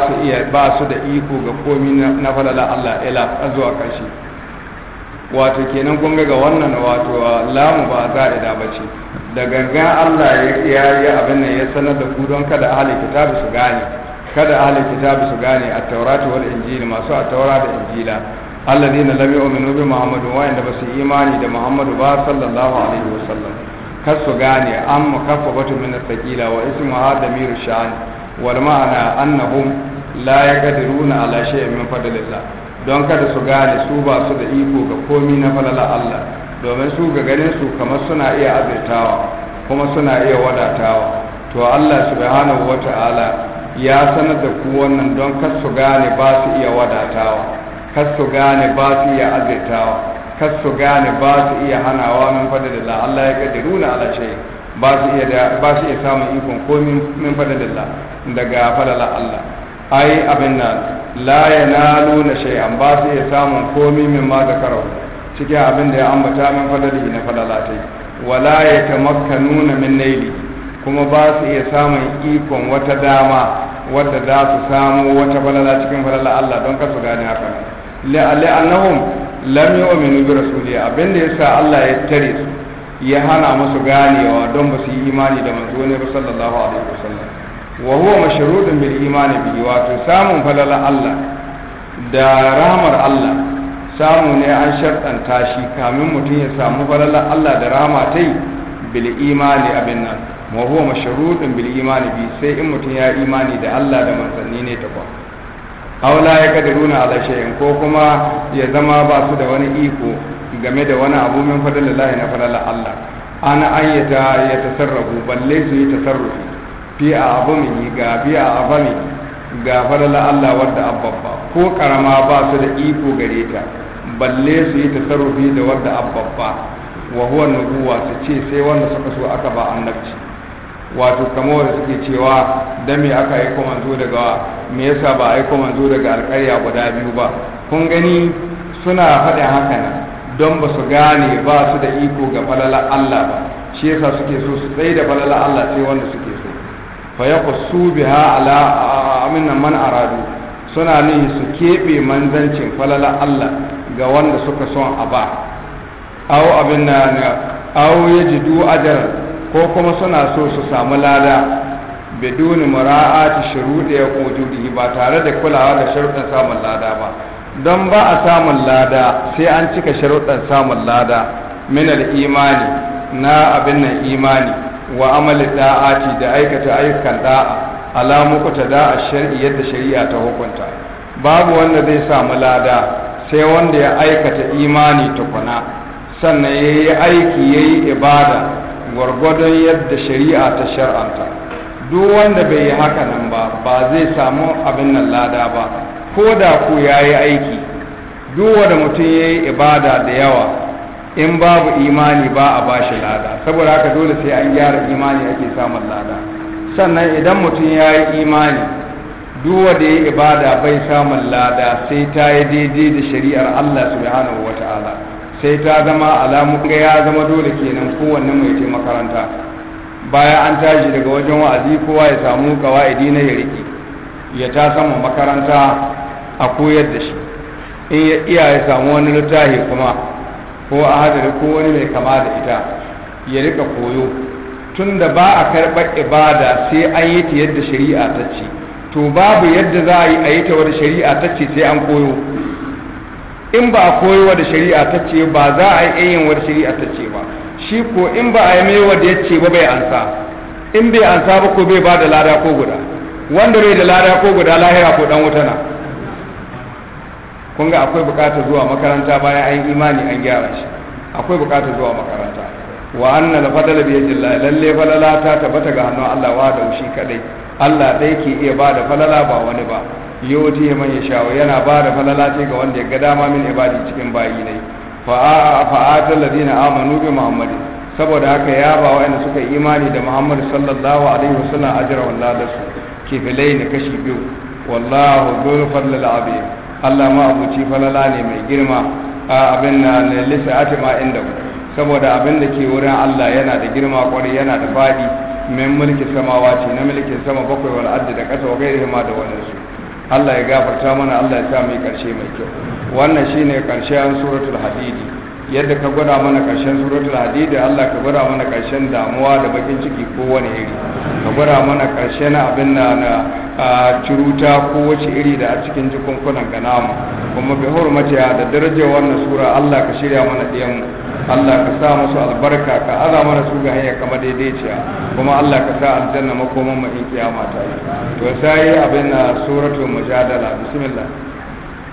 su da iko ga komi na falala Allah ila zuwa kashi wato kenan kun ga wannan wato lamu ba za a da bace da gangan Allah ya yi abin nan ya sanar da ku don kada ahli kitabi su gane kada ahli kitabi su gane a tauratu wal injil masu a taura da injila na lam yu'minu bi Muhammadu wa inda su imani da muhammadu ba sallallahu alaihi sallam. kar su gane an mukaffafatu min as-saqila wa ismuha damiru sha'an wal ma'ana annahum la yaqdiruna ala shay'in min fadlillah don kada su gane su ba su da iko ga komi na falala Allah domin su ga ganin su kamar suna iya azurtawa kuma suna iya wadatawa to Allah subhanahu wata'ala ya sanar da ku wannan don kar su gane ba su iya wadatawa kar su gane ba su iya azaitawa kar su gane ba su iya hanawa min da Allah ya runa ala ce ba su iya ba su iya samun ikon ko min fadlillah daga fadlillah Allah ai abin nan la nalu na shay'an ba su iya samun komi min ma da zakarau cikin abin da ya ambata min fadlillah na fadlillah ta wala yatamakkanuna min naili kuma ba su iya samun ikon wata dama wadda za su samu wata falala cikin falala Allah don kasu gane haka la'annahum lam yu'minu bi rasuli abinda sa Allah ya tare su ya hana musu ganewa don ba su yi imani da manzo ne sallallahu alaihi wasallam wa huwa mashrudun bil imani bihi wato samun falala Allah da rahmar Allah samu ne an shartanta shi kamin mutum ya samu falala Allah da rahama tai bil imani abin nan ma huwa mashrutun bil imani bi sai in mutum ya imani da Allah da manzanni ne ta kwa aula ya kadiruna ala shay'in ko kuma ya zama ba su da wani iko game da wani abu min fadlillahi na fadlan Allah ana ayyata ya tasarrafu balle su yi tasarrufi fi a abumi ga fi a abami ga fadlan Allah wadda abbabba ko karama ba su da iko gare ta balle su yi tasarrufi da wadda abbabba wa huwa nubuwa su ce sai wanda suka so aka ba annabci wato kamar wanda suke cewa da me aka aiko manzo daga me yasa ba aiko manzo daga alƙarya guda biyu ba kun gani suna faɗa haka nan don ba su gane ba su da iko ga falala Allah ba shi yasa suke so su tsaye da falala Allah sai wanda suke so fa yaqsu biha ala amina man aradu suna ne su keɓe manzancin falala Allah ga wanda suka son a ba Au abin na aw yajidu ajran ko kuma suna so su samu lada biduni mura'ati shuruɗi ya wujudi ba tare da kulawa da sharuɗin samun lada ba don ba a samun lada sai an cika sharuɗin samun lada min imani na abin nan imani wa amali da'ati da aikata ayyukan da'a alamu ta da'a shari'i yadda shari'a ta hukunta babu wanda zai samu lada sai wanda ya aikata imani tukuna sannan ya yi aiki ya yi ibada gwargwadon yadda shari'a ta shar'anta duk wanda bai yi haka nan ba ba zai samu abin nan lada ba ko da ku ya yi aiki duk wanda mutum ya yi ibada da yawa in babu imani ba a bashi lada saboda haka dole sai an gyara imani ake samun lada sannan idan mutum ya yi imani duk wanda ya yi ibada bai samun lada sai ta yi daidai da shari'ar Allah subhanahu wa ta'ala sai ta zama alamun ya zama dole kenan kowanne mai ce makaranta Baya an tashi daga wajen wa'azi kowa ya samu kawa'idi na ya riƙe ya ta sama makaranta a koyar da shi in ya iya ya samu wani littafi kuma ko a hadari ko wani mai kama da ita ya rika koyo tun da ba a karɓar ibada sai an yi ta yadda shari'a ta ce to babu yadda za a yi a yi ta wata shari'a ta ce sai an koyo in ba a koyi wa da shari'a ta ce ba za a yi yin wa shari'a ta ce ba shi ko in ba a yi mai wa da ya ce ba bai ansa in bai ansa ba ko bai ba da lada ko guda wanda bai da lada ko guda lahira ko dan wuta na kun ga akwai bukatar zuwa makaranta bayan an imani an gyara shi akwai bukatar zuwa makaranta wa annal fadala bi yadillah lalle falala ta tabbata ga hannun Allah wa da shi kadai Allah dai ke iya ba da falala ba wani ba yoti man yasha yana ba da falalace ga wanda ya ga dama min ibadi cikin bayi ne fa fa'ata Ladina amanu bi muhammadin saboda haka ya ba wa'anda suka yi imani da muhammad sallallahu alaihi wasallam ajran ladasu kifilai ne kashi biyu wallahu dhul fadlil azim Allah ma abuci falala ne mai girma abin na lissa atima inda saboda abin da ke wurin Allah yana da girma kwarai yana da faɗi min mulki samawa ce na mulkin sama bakwai wal ardi da ƙasa wa gairi ma da wannan su Allah ya gafarta mana Allah ya sa mu karshe mai kyau wannan shine karshen suratul hadidi yadda ka gwada mana ƙarshen suratul hadid Allah ka gwada mana ƙarshen damuwa da bakin ciki ko wani iri ka gwada mana ƙarshen abin na na ciruta ko wace iri da a cikin jikunkunan ka namu kuma bi a da darajar wannan sura Allah ka shirya mana ɗiyan Allah ka sa musu albarka ka aza mana su ga hanya kama daidaiciya kuma Allah ka sa aljanna makoman mu in kiyama ta yi to sai abin na suratul mujadala bismillah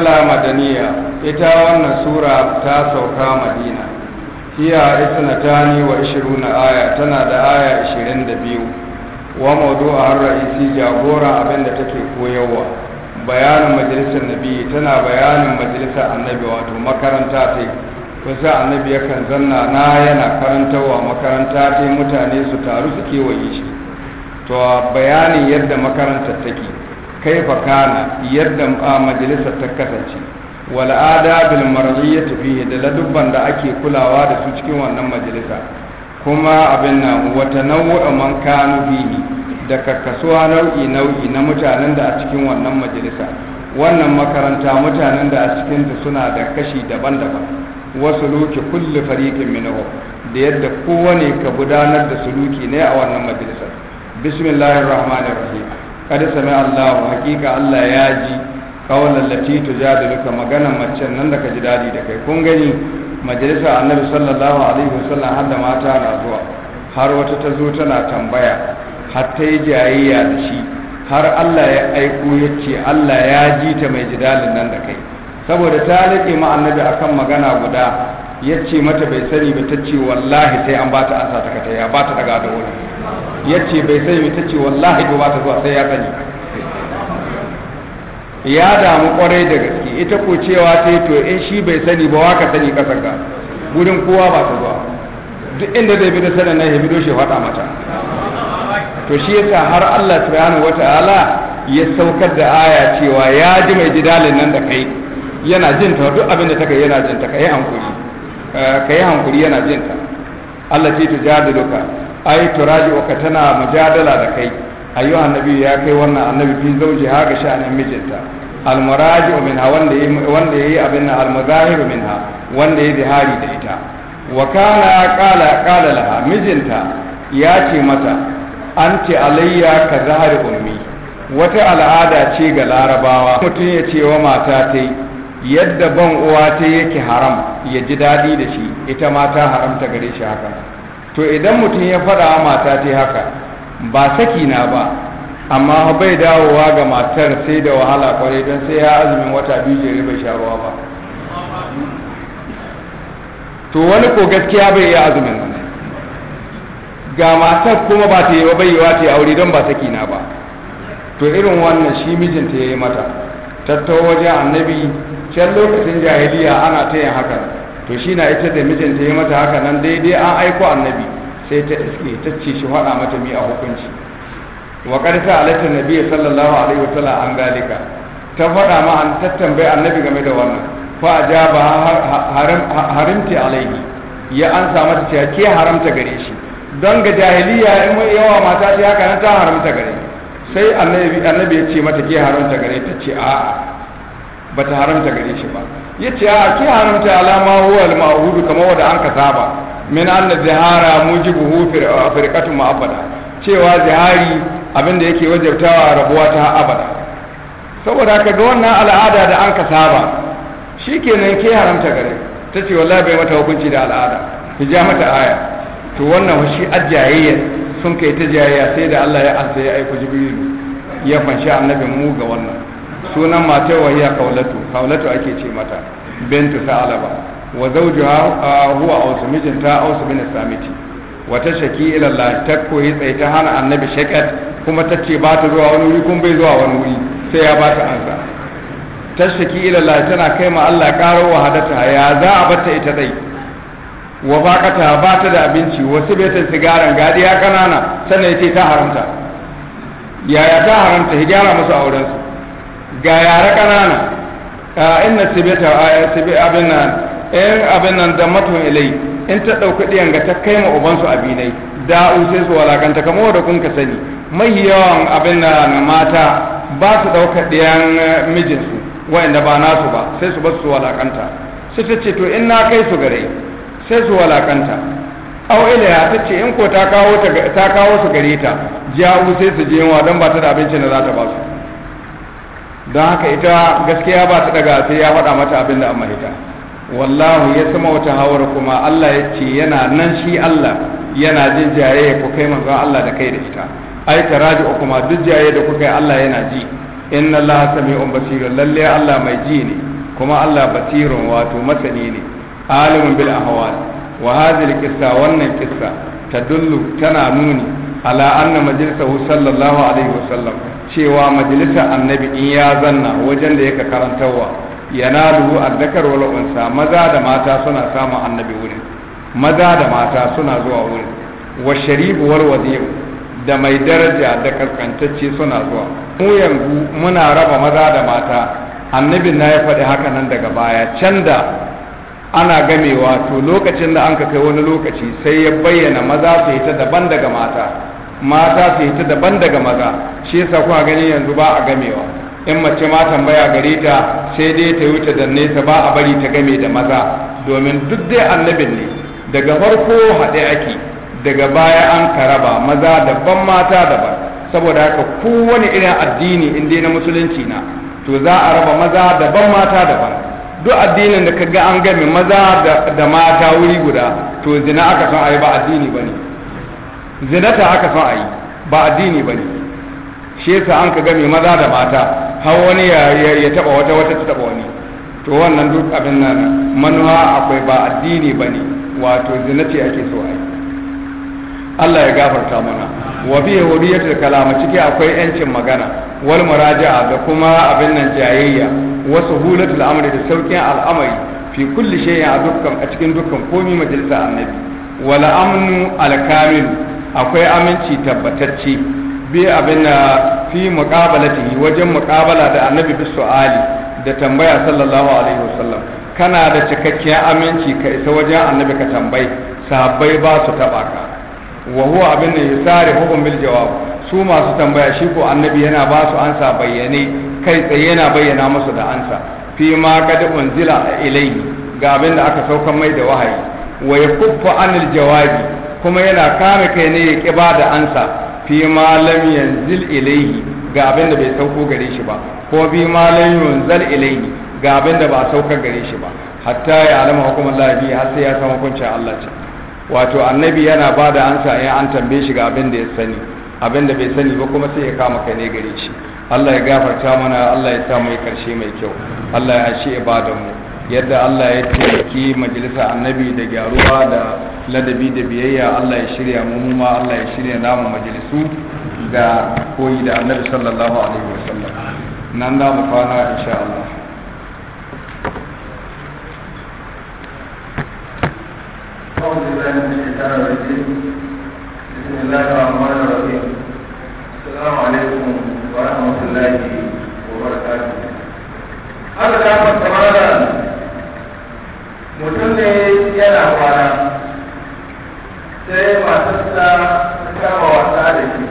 nazala madaniya ita wannan sura ta sauka madina hiya tani wa ishiruna aya tana da aya ishirin da biyu wa a har ra'isi jagora abinda take koyarwa bayanin majalisar nabi tana bayanin majalisar annabi wato makaranta ta kusa annabi yakan zanna na yana karantarwa makaranta ta mutane su taru su kewaye shi to bayanin yadda makarantar take kaifa kana yadda majalisar ta kasance wal adabil mar'iyyati fihi da ladubban da ake kulawa da su cikin wannan majalisa kuma abin nan wata nau'a man kanu fihi da kakkasuwa nau'i nau'i na mutanen da a cikin wannan majalisa wannan makaranta mutanen da a cikin ta suna da kashi daban-daban wasu luki kulli fariqin minhu da yadda kowane ka gudanar da suluki ne a wannan majalisar bismillahir rahmanir rahim kada sami Allah hakika Allah ya ji kawalan lati tujadiluka magana macen nan da ka ji dadi da kai kun gani majalisa annabi sallallahu alaihi wasallam har da mata na zuwa har wata ta zo tana tambaya har ta yi jayayya da shi har Allah ya aiko ya ce Allah ya ji ta mai jidalin nan da kai saboda ta rike ma annabi akan magana guda ya ce mata bai sani ba ta ce wallahi sai an bata ansa ta kata ya bata daga da wani ya ce bai sani ba ta ce wallahi ba ta zuwa sai ya sani ya damu kwarai da gaske ita ko cewa ta yi to in shi bai sani ba waka sani kasar ka gudun kowa ba ta zuwa duk inda zai bi da sanin na ya bi doshe faɗa mata to shi yasa har Allah subhanahu wata'ala ya saukar da aya cewa ya ji mai jidalin nan da kai yana jin ta duk abin da take yana jin ta kai kuri Eh, ka yi hankuri yana jin ka Allah ce ta jadiluka ai ka tana mujadala da kai ayyu annabi ya kai wannan annabi fi zauji ha ga sha'anin mijinta almuraji'u minha wanda yayi wanda yayi abin al-muzayil almuzahiru minha wanda yayi zihari da ita wa kana qala qala laha mijinta ya ce mata an alayya ka zahari ummi wata al'ada ce ga larabawa mutum ya ce wa mata ta yadda ban uwa ta yake haram ya ji daɗi da shi ita ma ta haramta gare shi haka to idan mutum ya faɗa wa mata ta haka ba saki na ba amma bai dawowa ga matar sai da wahala kwarai don sai ya azumin wata biyu jere bai sha ruwa ba to wani ko gaskiya bai yi azumin nan ga matar kuma ba ta yi ba bai ta yi aure don ba saki na ba to irin wannan shi mijinta ya yi mata tattau wajen annabi can lokacin jahiliya ana ta yin haka to shi na ita da mijinta ya mata haka nan daidai an aiko annabi sai ta iske ta ce shi faɗa mata mi a hukunci wa ƙarfi alatar Nabiya sallallahu alaihi wa sallam an galika ta faɗa ma an tattambaye annabi game da wannan fa ja ba haramta alaihi ya an sa mata cewa ke haramta gare shi don ga jahiliya in mai yawa mata ce haka nan ta haramta gare sai annabi annabi ya ce mata ke haramta gare ta ce a'a ba ta haramta gare shi ba ya ce a ke haramta alama huwa al-ma'hudu kamar wanda an ka saba min anna zihara a firqatu ma'abada cewa zihari abinda yake wajabtawa rabuwa ta abada saboda aka ga wannan al'ada da an ka saba shikenan ke haramta gare ta ce wallahi bai mata hukunci da al'ada ki ja mata aya to wannan shi ajayayya sun kai ta jayayya sai da Allah ya ansa ya aiko jibrilu ya fanshi annabin mu ga wannan sunan matar wa hiya kaulatu kaulatu ake ce mata bintu sa'alaba wa zawjuha huwa aus mijinta aus bin samiti wa ta shaki ila Allah ta koyi tsaye ta hana annabi shakat kuma ta ce ba ta zuwa wani wuri kun bai zuwa wani wuri sai ya ba ta ansa ta shaki ila Allah tana kai ma Allah karo wa hadata ya za a bata ita dai wa bakata ba ta da abinci wasu bai ta sigaran gadiya kanana sannan ce ta haramta yaya ta haramta hijara musu aurensu ga yara ƙanana a inna tibeta a tibi abin nan in abin nan da matun ilai in ta ɗauki ɗiyan ga ta kai ma ubansu abinai da'u sai su walakanta kamo da kun ka sani mai yawan abin nan mata ba su ɗauka ɗiyan eh, mijinsu wa'inda ba nasu ba sai su basu su walakanta sai ta ce to in na kai su gare sai su walakanta au ilaya ta ce in ko ta kawo su gare ta jawo sai su je yawa don ba ta da abincin da za ta ba su don haka ita gaskiya ba ta daga sai ya faɗa mata abin da an mahita wallahu ya sama wata hawar kuma Allah ya ce yana nan shi Allah yana jin jaye ku kai manzon Allah da kai da ita ai taraji'u kuma duk jaye da kuka yi Allah yana ji inna Allah un basirun lalle Allah mai ji ne kuma Allah basirun wato masani ne alimun bil ahwal wa hadhihi qissa wannan qissa tadullu tana nuni ala anna majlisahu sallallahu alaihi wasallam cewa majalisar annabi in ya zanna wajen da yake karantarwa yana duhu addakar wal unsa maza da mata suna samun annabi wurin maza da mata suna zuwa wurin wa sharibu war wadiyu da mai daraja da kaskantacce suna zuwa mu yanzu muna raba maza da mata Annabi na ya faɗi haka nan daga baya can da ana gamewa to lokacin da an ka kai wani lokaci sai ya bayyana maza su ta daban daga mata mata su ta daban daga maza shi yasa kuka gani yanzu ba a gamewa in mace ma tambaya gare ta sai dai ta wuce da nesa ba a bari ta game da maza domin duk dai annabin ne daga farko haɗe ake daga baya an karaba maza daban mata daban saboda haka kowane irin addini in dai na musulunci na to za a raba maza daban mata daban duk addinin da ka ga an game maza da mata wuri guda to zina aka san ayi ba addini bane zinata aka son a yi ba addini ba ne shi yasa an ka gami maza da mata har wani ya taba wata wata ta taba wani to wannan duk abin nan manuwa akwai ba addini ba ne wato zina ce ake so a yi Allah ya gafarta mana wa bi huriyatul kalama ciki akwai yancin magana wal muraja'a da kuma abin nan jayayya wa suhulatul amri da saukin al'amari fi kulli shay'in a dukkan a cikin dukkan komai majalisa annabi wal amnu al kamil akwai aminci tabbatacce bi abin na fi muqabalati wajen muqabala da annabi bi Ali da tambaya sallallahu alaihi wasallam kana da cikakkiyar aminci ka isa wajen annabi ka tambayi sahabbai ba su taba ka wa huwa abin da sare hukum bil jawab su masu tambaya shi ko annabi yana ba su ansa bayyane kai tsaye yana bayyana musu da ansa fi ma kad unzila ilayhi ga abin da aka sauka mai da wahayi wa yakuffu anil jawabi kuma yana kame kai ne ya ƙi ba da ansa fi malam yanzil ilayhi ga abin da bai sauko gare shi ba ko bi malam yanzil ilayhi ga abin da ba saukar gare shi ba hatta ya alama hukumar lafi har sai ya san hukuncin Allah ce wato annabi yana ba da ansa in an tambaye shi ga abin da ya sani abin da bai sani ba kuma sai ya kama kai ne gare shi Allah ya gafarta mana Allah ya sa mu karshe mai kyau Allah ya ashe ibadan mu yadda Allah ya taimaki majalisa annabi da gyaruwa da ladabi da biyayya Allah ya shirya mu ma Allah ya shirya namu majalisu ga koyi da annabi sallallahu alaihi wa sallam nan da mu fara insha Allah بسم الله الرحمن الرحيم aka kafa kamara mutum ne yana kwana sai matarsa ta kama wasa da shi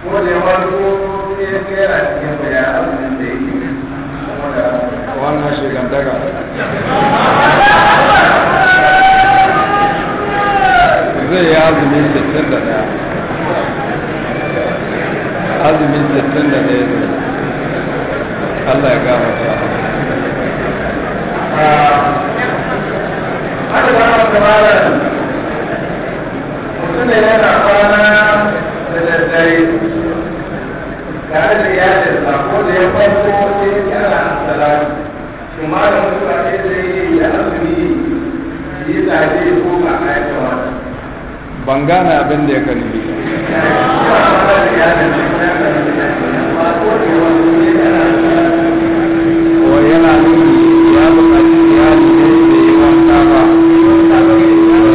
ko da yawa ko ya kai a cikin bayanan da yake kuma da wannan zai yi azumin 61 azumin Allah ya gama ta ah, haka ba a kamara mutum ne yana kwana da daddare tare da iyalinsa ko da ya farko sai yana salami shi ma da mutuwa ne zai yi ya azumi yi zaɓe ko ba a yi kamata ban gane abin da ya kani Thank you. yana nuni ya buƙaci iyali ne da yi wanka ba bai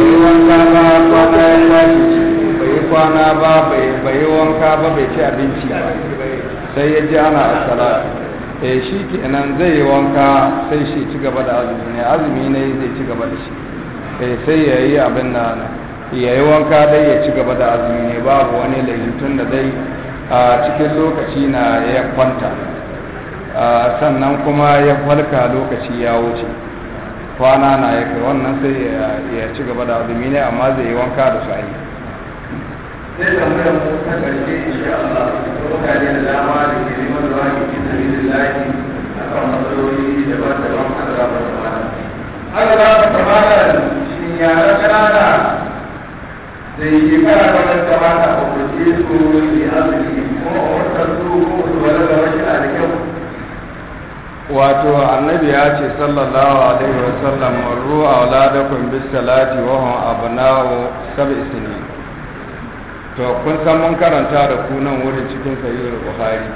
yi wanka ba kwana ya tashi bai yi kwana ba bai yi wanka ba bai ci abinci ba sai ya ji ana asala eh shi kenan zai yi wanka sai shi ci gaba da azumi ne azumi ne zai ci gaba da shi eh, sai ya yi abin na ya yi wanka dai ya ci gaba da azumi ne babu wani tun da dai a cikin lokaci na ya kwanta sannan kuma ya falka lokaci ya wuce kwana na ya kai wannan sai ya ci gaba da azumi ne amma zai yi wanka da sa'i sai da Allah da da ke da matsaloli daban-daban a da za da shi da a kuma a da da kyau wato annabi ya ce sallallahu alaihi wa sallam marru auladakum bis salati wa hum abna'u sab'i sinin to kun san mun karanta da ku nan wurin cikin sahihul buhari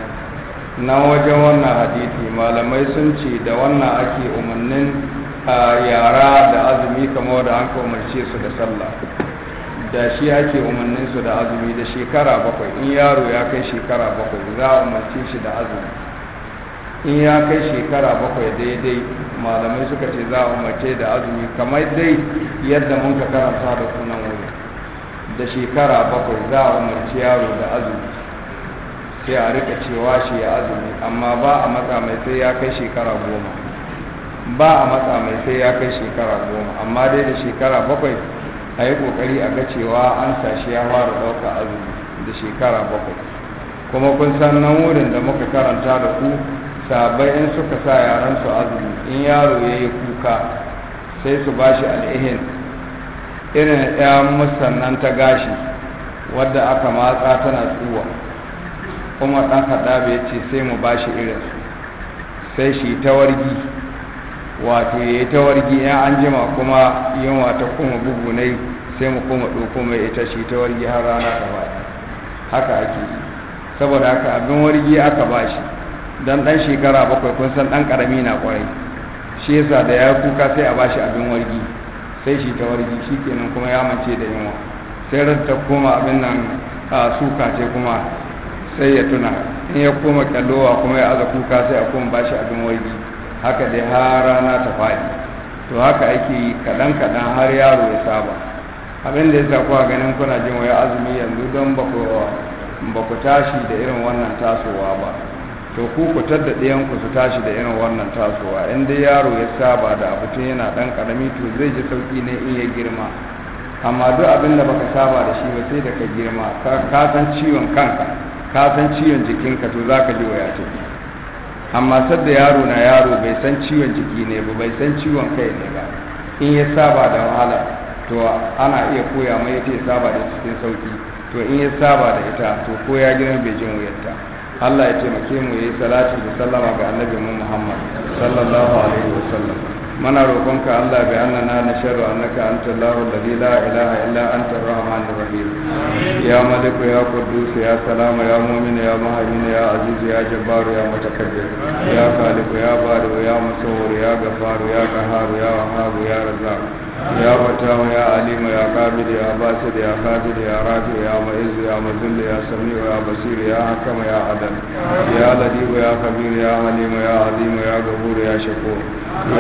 na wajen wannan hadisi malamai sun ce da wannan ake umarnin yara da azumi kamar da an umarce su da sallah da shi ake umannin su da azumi da shekara bakwai in yaro ya kai shekara bakwai za a umarce shi da azumi in ya kai shekara bakwai daidai malamai suka ce za a umarce da azumi kamar dai yadda mun ka karanta da sunan wuri da shekara bakwai za a umarci yaro da azumi sai a rika cewa shi ya azumi amma ba a matsa mai sai ya kai shekara goma ba a matsa mai sai ya kai shekara goma amma dai da shekara bakwai a yi kokari a ga cewa an sashi ya fara ɗauka azumi da shekara bakwai kuma kun san nan wurin da muka karanta da ku sahabbai in suka sa yaran su azumi in yaro ya yi kuka sai su ba shi al'ihin irin ya musannan ta gashi wadda aka matsa tana tsuwa kuma ɗan haɗa ya ce sai mu ba shi irin sai shi ta wargi wato ya yi ta wargi yan an jima kuma yin wata kuma bugu ne sai mu koma ɗauko mai ita shi ta wargi har rana ta ba haka ake saboda haka abin wargi aka ba shi don ɗan shekara bakwai kun san ɗan karami na kwarai shi yasa da ya kuka sai a bashi abin wargi sai shi ta wargi shi kenan kuma ya mace da yunwa sai ta koma abin nan a suka ce kuma sai ya tuna in ya koma kyallowa kuma ya aza kuka sai a koma bashi abin wargi haka dai har rana ta faɗi to haka ake yi kaɗan kaɗan har yaro ya saba abin da ya sa kuwa ganin kuna jin waya azumi yanzu don ba ku tashi da irin wannan tasowa ba to ku ku tadda ɗayan ku su tashi da irin wannan tasowa in dai yaro ya saba da abu tun yana ɗan ƙarami to zai ji sauƙi ne in ya girma amma duk abin da baka saba da shi ba sai da ka girma ka san ciwon kanka ka san ciwon jikinka to za ka ji waya ce amma sadda yaro na yaro bai san ciwon jiki ne ba bai san ciwon kai ne ba in ya saba da wahala to ana iya koya mai ya saba da cikin sauki to in ya saba da ita to ko ya girma bai jin wuyarta Allah ya taimake mu yayi salati da sallama ga annabi mu Muhammad sallallahu alaihi wa sallam mana roƙonka Allah bai annana na sharru annaka anta Allahu alladhi la ilaha illa anta ar-rahmanir rahim ya maliku ya quddus ya salama, ya mu'min ya mahin ya aziz ya jabbar ya mutakabbir ya khaliq ya bari ya musawwir ya ghafar ya qahhar ya wahhab ya razzaq يا فتاه يا عليم يا قابل يا باسل يا قادر يا رافع يا معز يا مذل يا سميع يا بصير يا حكم يا عدل يا لطيف يا خبير يا عليم يا عظيم يا غفور يا شكور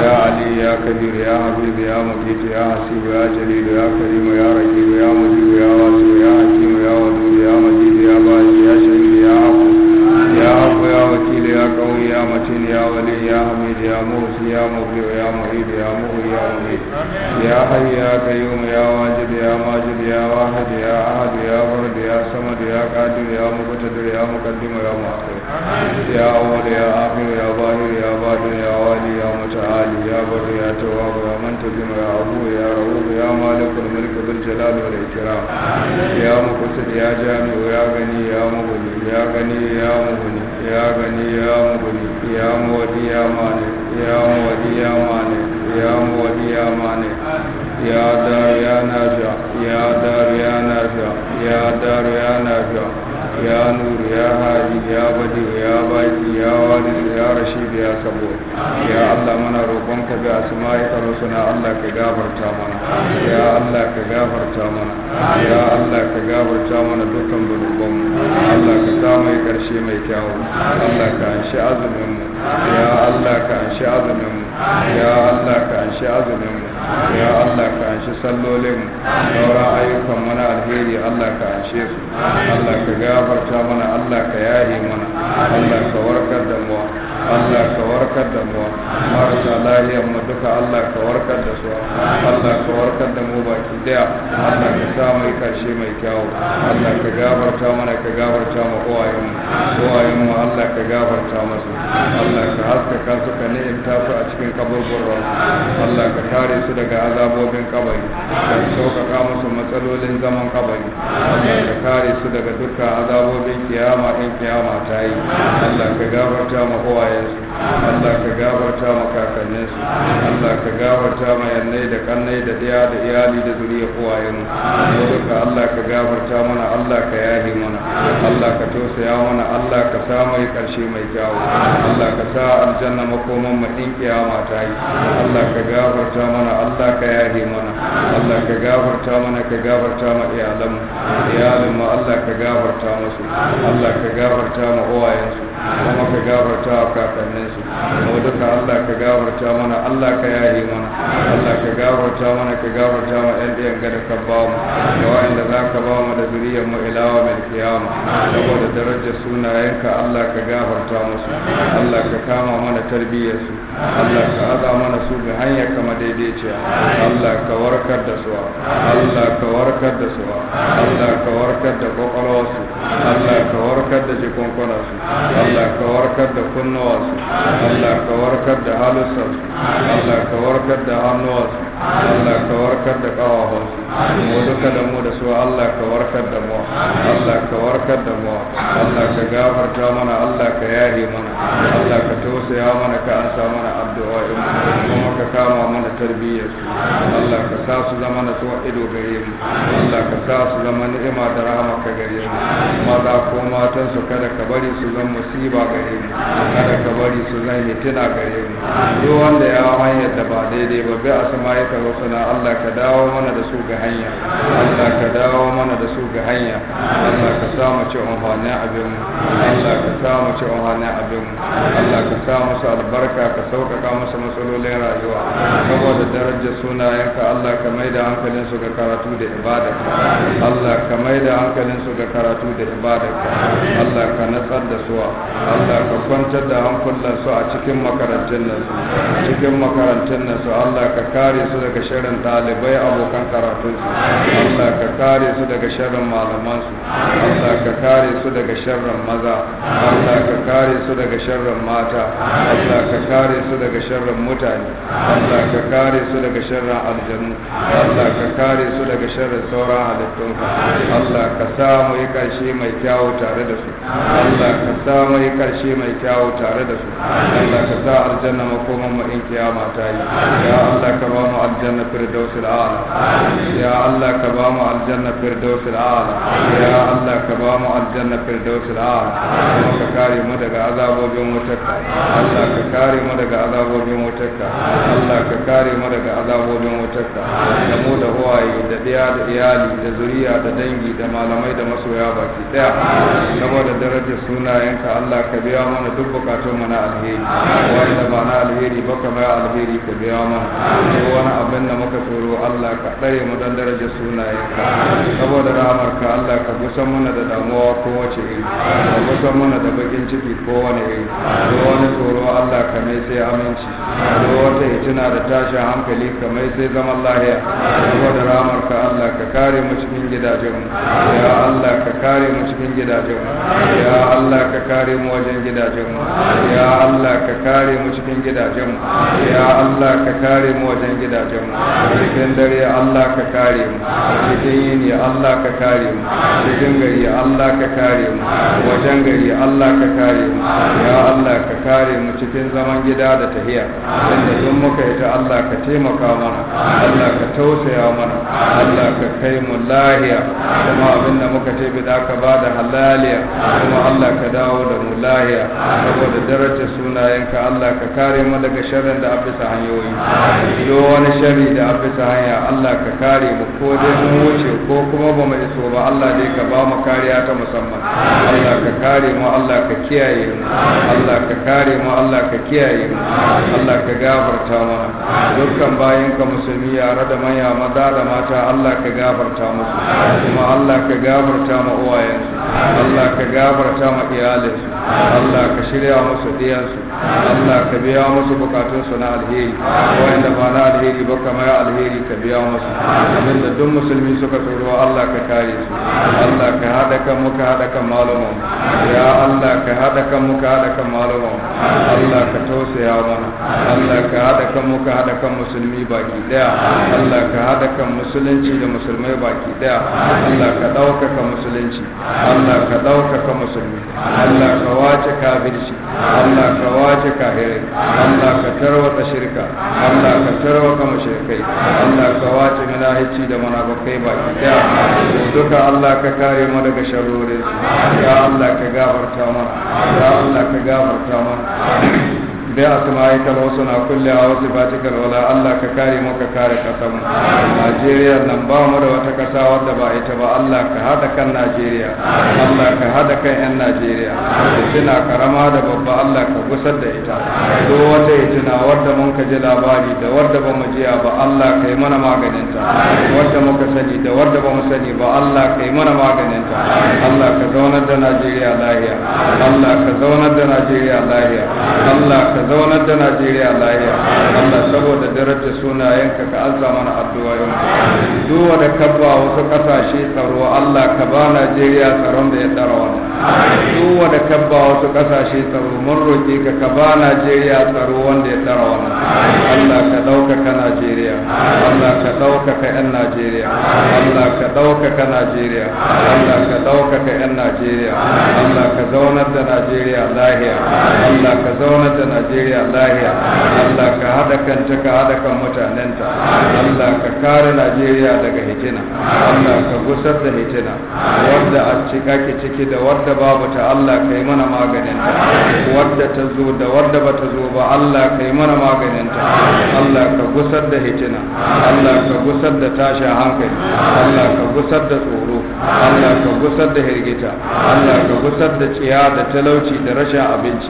يا علي يا كبير يا حفيظ يا مقيت يا حسيب يا جليل يا كريم يا رقيب يا مجيب يا واسع يا حكيم يا ودود يا مجيد يا باقي يا شهيد يا عفو قوي يا متين يا ولي يا حميد يا مغفر يا مبدع يا معيد يا مغي يا مميت يا حي يا قيوم يا واجد يا ماجد يا واحد يا احد يا فرد يا صمد يا قادر يا مقتدر يا مقدم يا مؤخر يا اول يا اخر يا ظاهر يا باطن يا والي يا متعالي يا بر يا تواب يا منتظم يا ابو يا رؤوف يا مالك الملك ذو الجلال والاكرام يا مقتد يا جامع يا غني يا مغني يا غني يا مغني يا غني يا guri qiyamu wa qiyamane qiyamu wa qiyamane qiyamu wa qiyamane ya dar ya nafi ya dar ya nafi ya dar ya nafi Ya يا نور يا هادي يا بديع يا باقي يا وارث ya رشيد Ya Allah يا الله منا roƙonka su asma'ika husna Allah ka gafarta mana ya Allah ka gafarta mana ya Allah ka gafarta mana dukkan zunuban Allah ka sa mai karshe mai kyau Allah ka anshi azumin mu ya Allah ka anshi azumin mu ya Allah ka anshi azumin mu ya Allah ka anshi sallolin sauran ayyukan mana alheri Allah ka anshe su Allah ka gafarta mana Allah ka yahe mana Allah ka warkar da mu Allah ka warkar da mu marasa lahiyar mu duka Allah ka warkar da su Allah ka warkar da mu baki daya Allah ka sa mai kashi mai kyau Allah ka gafarta mana ka gafarta mu uwayen mu uwayen mu Allah ka gafarta masu Allah ka haska kansu ka in su a cikin kaburburan Allah ka kare su daga azabobin kabari ka sauƙaƙa musu matsalolin zaman kabari Allah ka kare su daga dukkan azabobin kiyama in kiyama ta yi Allah ka gafarta mu uwayen iyayensu Allah ka gafarta ma kakanninsu Allah ka gafarta ma yannai da kannai da daya da iyali da zuriya uwayenmu duka Allah ka gafarta mana Allah ka yahi mana Allah ka tausaya mana Allah ka sa mai karshe mai kyawu Allah ka sa aljanna makoman mu din kiyama ta yi Allah ka gafarta mana Allah ka yahi mana Allah ka gafarta mana ka gafarta ma iyalanmu iyalan mu Allah ka gafarta musu Allah ka gafarta ma uwayensu kuma ka gafarta wa su. mu duka Allah ka gafarta mana Allah ka yaye mana Allah ka gafarta mana ka gafarta wa ɗan ɗiyan gada ka ba mu da wa'anda za ka ba mu da zuriyar mu ilawa mai kiyama saboda darajar sunayenka Allah ka gafarta musu Allah ka kama mana tarbiyyar su Allah ka aza mana su ga hanya kama daidaiciya Allah ka warkar da su Allah ka warkar da su Allah ka warkar da kwakwalwarsu Allah ka warkar da jikunkunansu Allah ka warkar da kunnuwarsu Allah ka warkar da halusar Allah ka warkar da hannuwarsa Allah ka warkar da kawahonsu mu duka da mu da su Allah ka warkar da mu Allah ka warkar da mu Allah ka gafarta mana Allah ka yare mana Allah ka tausaya mana ka ansa mana addu'a kuma ka kama mana tarbiyyar Allah ka sa su zama na tuwa ido gare mu Allah ka sa su zama ni'ima da rahama ka gare mu maza ko matan su kada ka bari su zama musiba gare mu kada ka bari su zan hitina gare mu duk wanda ya hanyar da ba daidai ba bai a sama ya aka sana Allah ka dawo mana da su ga hanya Allah ka dawo mana da su ga hanya Allah ka sa mu ci amfani abin Allah ka sa mu ci amfani abin Allah ka sa mu sa albarka ka sauƙaƙa musu matsalolin rayuwa saboda darajar sunayenka Allah ka mai da hankalin su ga karatu da ibada Allah ka mai da hankalin su ga karatu da ibada Allah ka natsar da su Allah ka kwantar da hankulan su a cikin makarantun nan cikin makarantun nan su Allah ka kare su su daga shirin ɗalibai abokan karatunsu Allah ka kare su daga shirin malamansu Allah ka kare su daga shirin maza Allah ka kare su daga shirin mata Allah ka kare su daga shirin mutane Allah ka kare su daga shirin aljanu Allah ka kare su daga shirin sauran halittunka Allah ka samu yi ƙarshe mai kyawu tare da su Allah ka samu yi ƙarshe mai kyawu tare da su Allah ka sa aljanna makoman mu in kiyama ta yi ya Allah ka ba mu aljanna ya Allah ka ba mu aljanna firdaus al'ala ya Allah ka ba mu aljanna firdaus al'ala ka kare mu daga azabobin wutarka Allah ka kare mu daga azabobin wutarka Allah ka kare mu daga azabobin wutarka da da huwaye da ɗaya da iyali da zuriya da dangi da malamai da masoya baki ɗaya saboda darajar sunayenka Allah ka biya mana duk bukatunmu na alheri wanda ba na alheri ba kamar alheri ka biya mana wani abin da muka tsoro Allah ka ɗare mu don darajar sunayenka saboda ka Allah ka gusan muna da damuwa ko wace iri ka gusan muna da bakin ciki ko wane iri ko wani tsoro Allah ka mai sai aminci ko wata hitina da tashin hankali ka mai sai zaman lahiya saboda ka Allah ka kare mu cikin mu. ya Allah ka kare mu cikin mu. ya Allah ka kare mu wajen mu. ya Allah ka kare mu cikin mu. ya Allah ka kare mu wajen gidajen gidajenmu cikin dare Allah ka kare mu cikin yini Allah ka kare mu cikin gari Allah ka kare mu wajen gari Allah ka kare mu ya Allah ka kare mu cikin zaman gida da tahiya inda duk muka yi ta Allah ka taimaka mana Allah ka tausaya mana Allah ka kai mu lahiya kuma abin da muka ce bida ka ba da halaliya kuma Allah ka dawo da mu lahiya saboda darajar sunayenka Allah ka kare mu daga sharrin da abisa hanyoyi yo wani sharri da abisa hanya Allah ka kare mu ko dai mun wuce ko kuma ba mu iso ba Allah dai ka ba mu kariya ta musamman Allah ka kare mu Allah ka kiyaye mu Allah ka kare mu Allah ka kiyaye mu Allah ka gafarta mana dukkan bayin ka musulmi yara da manya maza da mata Allah ka gafarta musu kuma Allah ka gafarta ma uwayensu Allah ka gafarta ma iyalinsu Allah ka shirya musu diyansu Allah ka biya musu bukatunsu na alheri wanda ba na alheri ba kamar alheri ka biya musu amin da duk musulmi suka tsoro Allah ka kare su Allah ka hada kan muka hada kan malumin ya Allah ka hada kan muka hada kan malumin Allah ka tausaya mana Allah ka hada kan muka hada kan musulmi baki daya Allah ka hada kan musulunci da musulmai baki daya Allah ka ɗaukaka musulunci Allah ka dauka ka musulmi Allah ka wace kafirci Allah ka wace kahirai Allah ka tarwata shirka Allah ka tarwata mushrikai Allah ka wace na lahici da munafikai baki daya duka Allah ka kare mu daga sharuri ya Allah ka gafarta mana ya Allah ka gafarta mana bi asma'ika al-husna kulle a wasu al wala Allah ka kare mu ka kare kasar mu Najeriya nan ba mu da wata kasa wadda ba ita ba Allah ka hada kan Najeriya Allah ka hada kan yan Najeriya suna karama da babba Allah ka gusar da ita duk wata itina wadda mun ka ji labari da wadda ba mu ji ba Allah ka yi mana maganinta wadda muka sani da wadda ba mu sani ba Allah ka yi mana maganinta Allah ka zaunar da Najeriya lahiya Allah ka zaunar da Najeriya lahiya Allah ka zaunar da Najeriya lahiya Allah saboda darajar sunayenka ka alza mana addu'o'in duk wanda ka ba wasu kasashe tsaro Allah ka ba Najeriya tsaron da ya tsara wani duk wanda ka wasu kasashe tsaro mun roƙe ka ka ba Najeriya tsaro wanda ya tsara wani Allah ka ɗaukaka Najeriya Allah ka ɗaukaka 'yan Najeriya Allah ka ɗaukaka Najeriya Allah ka ɗaukaka 'yan Najeriya Allah ka zaunar da Najeriya lahiya Allah ka zaunar da Najeriya Najeriya lahiya Allah ka hada kanta ka hada kan mutanenta Allah ka kare Najeriya daga hitina Allah ka gusar da hitina wadda a cikake ciki da wadda babu ta Allah ka yi mana maganin ta wadda ta zo da wadda ba ta zo ba Allah ka yi mana maganin ta Allah ka gusar da hitina Allah ka gusar da tashin hankali Allah ka gusar da tsoro Allah ka gusar da hirgita Allah ka gusar da tsiya da talauci da rashin abinci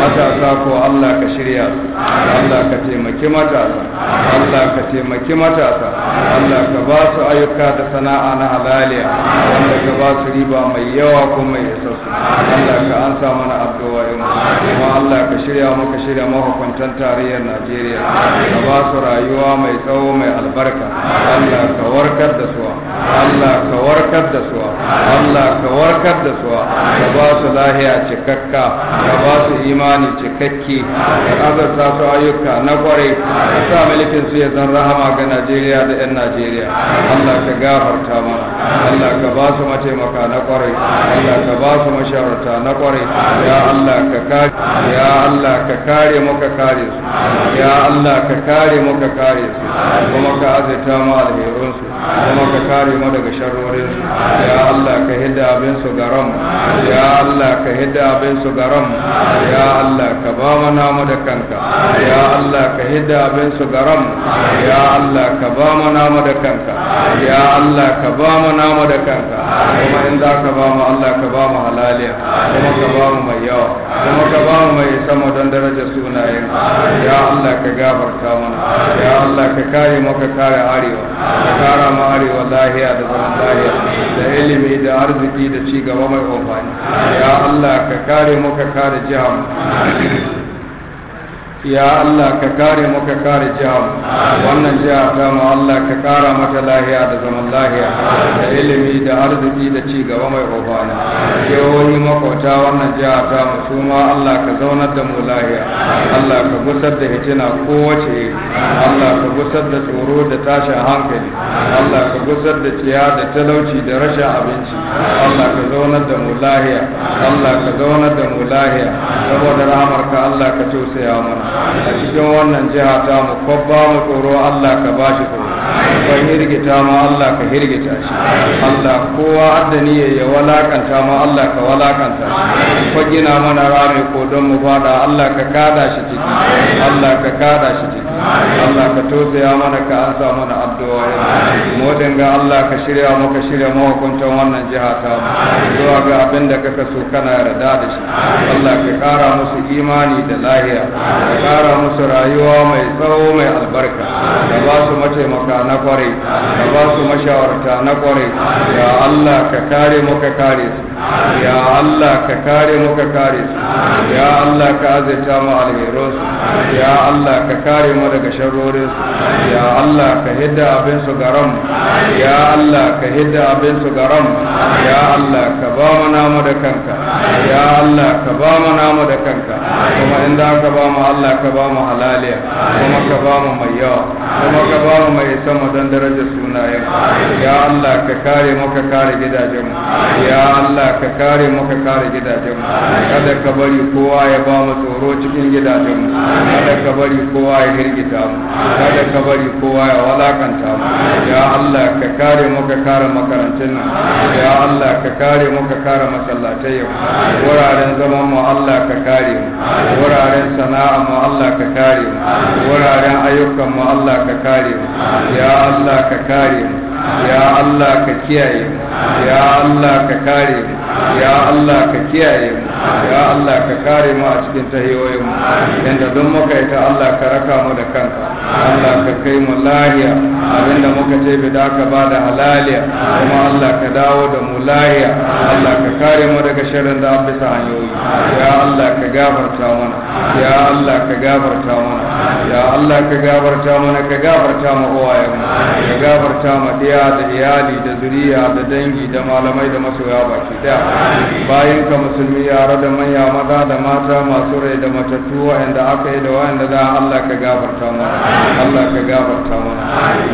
matasa ko Allah ka shirya su Allah ka taimaki matasa Allah ka taimaki matasa Allah ka ba su ayyuka da sana'a na halaliya wanda ka ba su riba mai yawa ko mai isassu Allah ka ansa mana addu'a kuma Allah ka shirya maka shirya mahukuntan tarayyar Najeriya ka ba su rayuwa mai tsawo mai albarka Allah ka warkar da su Allah ka warkar da su Allah ka warkar da su ka ba su lahiya cikakka ka ba su imani cikakki. ka azarta su ayyuka na kwarai ka sa mulkin su ya zan rahama ga Najeriya da 'yan Najeriya Allah ka gafarta mana Allah ka ba su mataimaka na kwarai Allah ka ba su masharata na kwarai ya Allah ka kare ya Allah ka kare muka kare su ya Allah ka kare muka kare su kuma ka azaita mu su. kuma ka kare mu daga sharrorin ya Allah ka hidda abin su garam ya Allah ka hidda abin su garam ya Allah ka ba mu namu da kanka ya Allah ka hidda abin su garam ya Allah ka ba mu namu da kanka ya Allah ka ba mu namu da kanka kuma in za ka ba mu Allah ka ba mu halaliya kuma ka ba mu mai yawa kuma ka ba mu mai sama don daraja sunayen ya Allah ka gafarta mana ya Allah ka kare mu ka kare arewa ka kare ƙara arewa lahiya da zaman lahiya da ilimi da arziki da ci gaba mai amfani ya Allah ka kare mu ka kare jihar ya Allah ka kare mu ka kare jihar wannan jiha ta mu Allah ka kara mata lahiya da zaman lahiya da ilimi da arziki da ci gaba mai Yau yawani makwata wannan jiha ta mu su ma Allah ka zaunar da mu lahiya Allah ka gusar da hitina kowace Allah ka gusar da tsoro da tashin hankali Allah ka gusar da ciya da talauci da rashin abinci Allah ka zaunar da mu lahiya Allah ka zaunar da mu lahiya saboda rahamarka Allah ka tausaya mana a cikin wannan jiha ta mu kwabba mu tsoro Allah ka ba shi tsoro ban hirgita ma Allah ka hirgita shi Allah kowa adda niyya ya walakanta ma Allah ka walakanta shi ko gina mana rami ko don mu fada Allah ka kada shi ciki Allah ka kada shi ciki Allah ka ya mana ka ansa mana addu'a mu danga Allah ka shirya mu ka shirya mu hukuntan wannan jiha ta mu zuwa ga abin da kaka so kana yarda da shi Allah ka kara musu imani da lahiya kara musu rayuwa mai tsawo mai albarka ka ba su mataimaka na kwarai ka ba su mashawarta na kwarai ya Allah ka kare mu ka kare su ya Allah ka kare mu ka kare su ya Allah ka azaita mu alherin su ya Allah ka kare mu daga sharrorin su ya Allah ka hidda abin su garam ya Allah ka hidda abin su garam ya Allah ka ba mu namu da kanka ya Allah ka ba mu namu da kanka kuma inda ka ba mu Allah ka ba mu halaliya kuma ka ba mu mai yawa kuma ka ba mu mai sama don darajar sunayen ya Allah ka kare mu ka kare gidajen mu ya Allah Allah ka kare mu ka kare gidajenmu kada ka bari kowa ya ba mu tsoro cikin gidajenmu kada ka bari kowa ya hirgita mu kada ka bari kowa ya walakanta mu ya Allah ka kare mu ka kare makarantun nan ya Allah ka kare mu ka kare masallatai wuraren zaman mu Allah ka kare mu wuraren sana'a mu Allah ka kare mu wuraren ayyukan mu Allah ka kare mu ya Allah ka kare mu ya Allah ka kiyaye ya Allah ka kare ya Allah ka kiyaye mu ya Allah ka kare mu a cikin tahiyoyin mu inda don muka yi ta Allah ka raka mu da kanka Allah ka kai mu lahiya abinda muka ce bi da ka ba da halaliya kuma Allah ka dawo da mu lahiya Allah ka kare mu daga shirin da bisa hanyoyi ya Allah ka gafarta mana ya Allah ka gafarta mana ya Allah ka gafarta mana ka gafarta mu uwayen mu ka gafarta mu diya da iyali da zuriya da dangi da malamai da masoya baki daya bayan ka musulmi yare da manya maza da mata masu rai da matattu wa'anda aka yi da wa'anda za, Allah ka gafarta mana Allah ka gafarta mana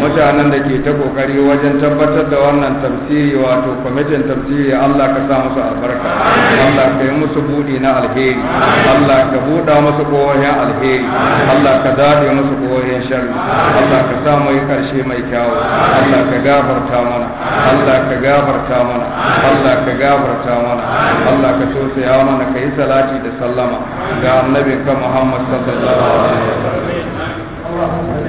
mutanen da ke ta kokari wajen tabbatar da wannan tafsiri wato kwamitin tafsiri Allah ka sa musu albarka Allah ka yi musu budi na alheri Allah ka buɗa musu koyon alheri Allah ka zaɓe musu koyon sharri Allah ka sa mai karshe mai kyawu Allah ka gafarta mana Allah ka gafarta mana Allah ka gafarta gafarta mana Allah ka tausaya mana ka yi salati da sallama ga ka Muhammad sallallahu alaihi wasallam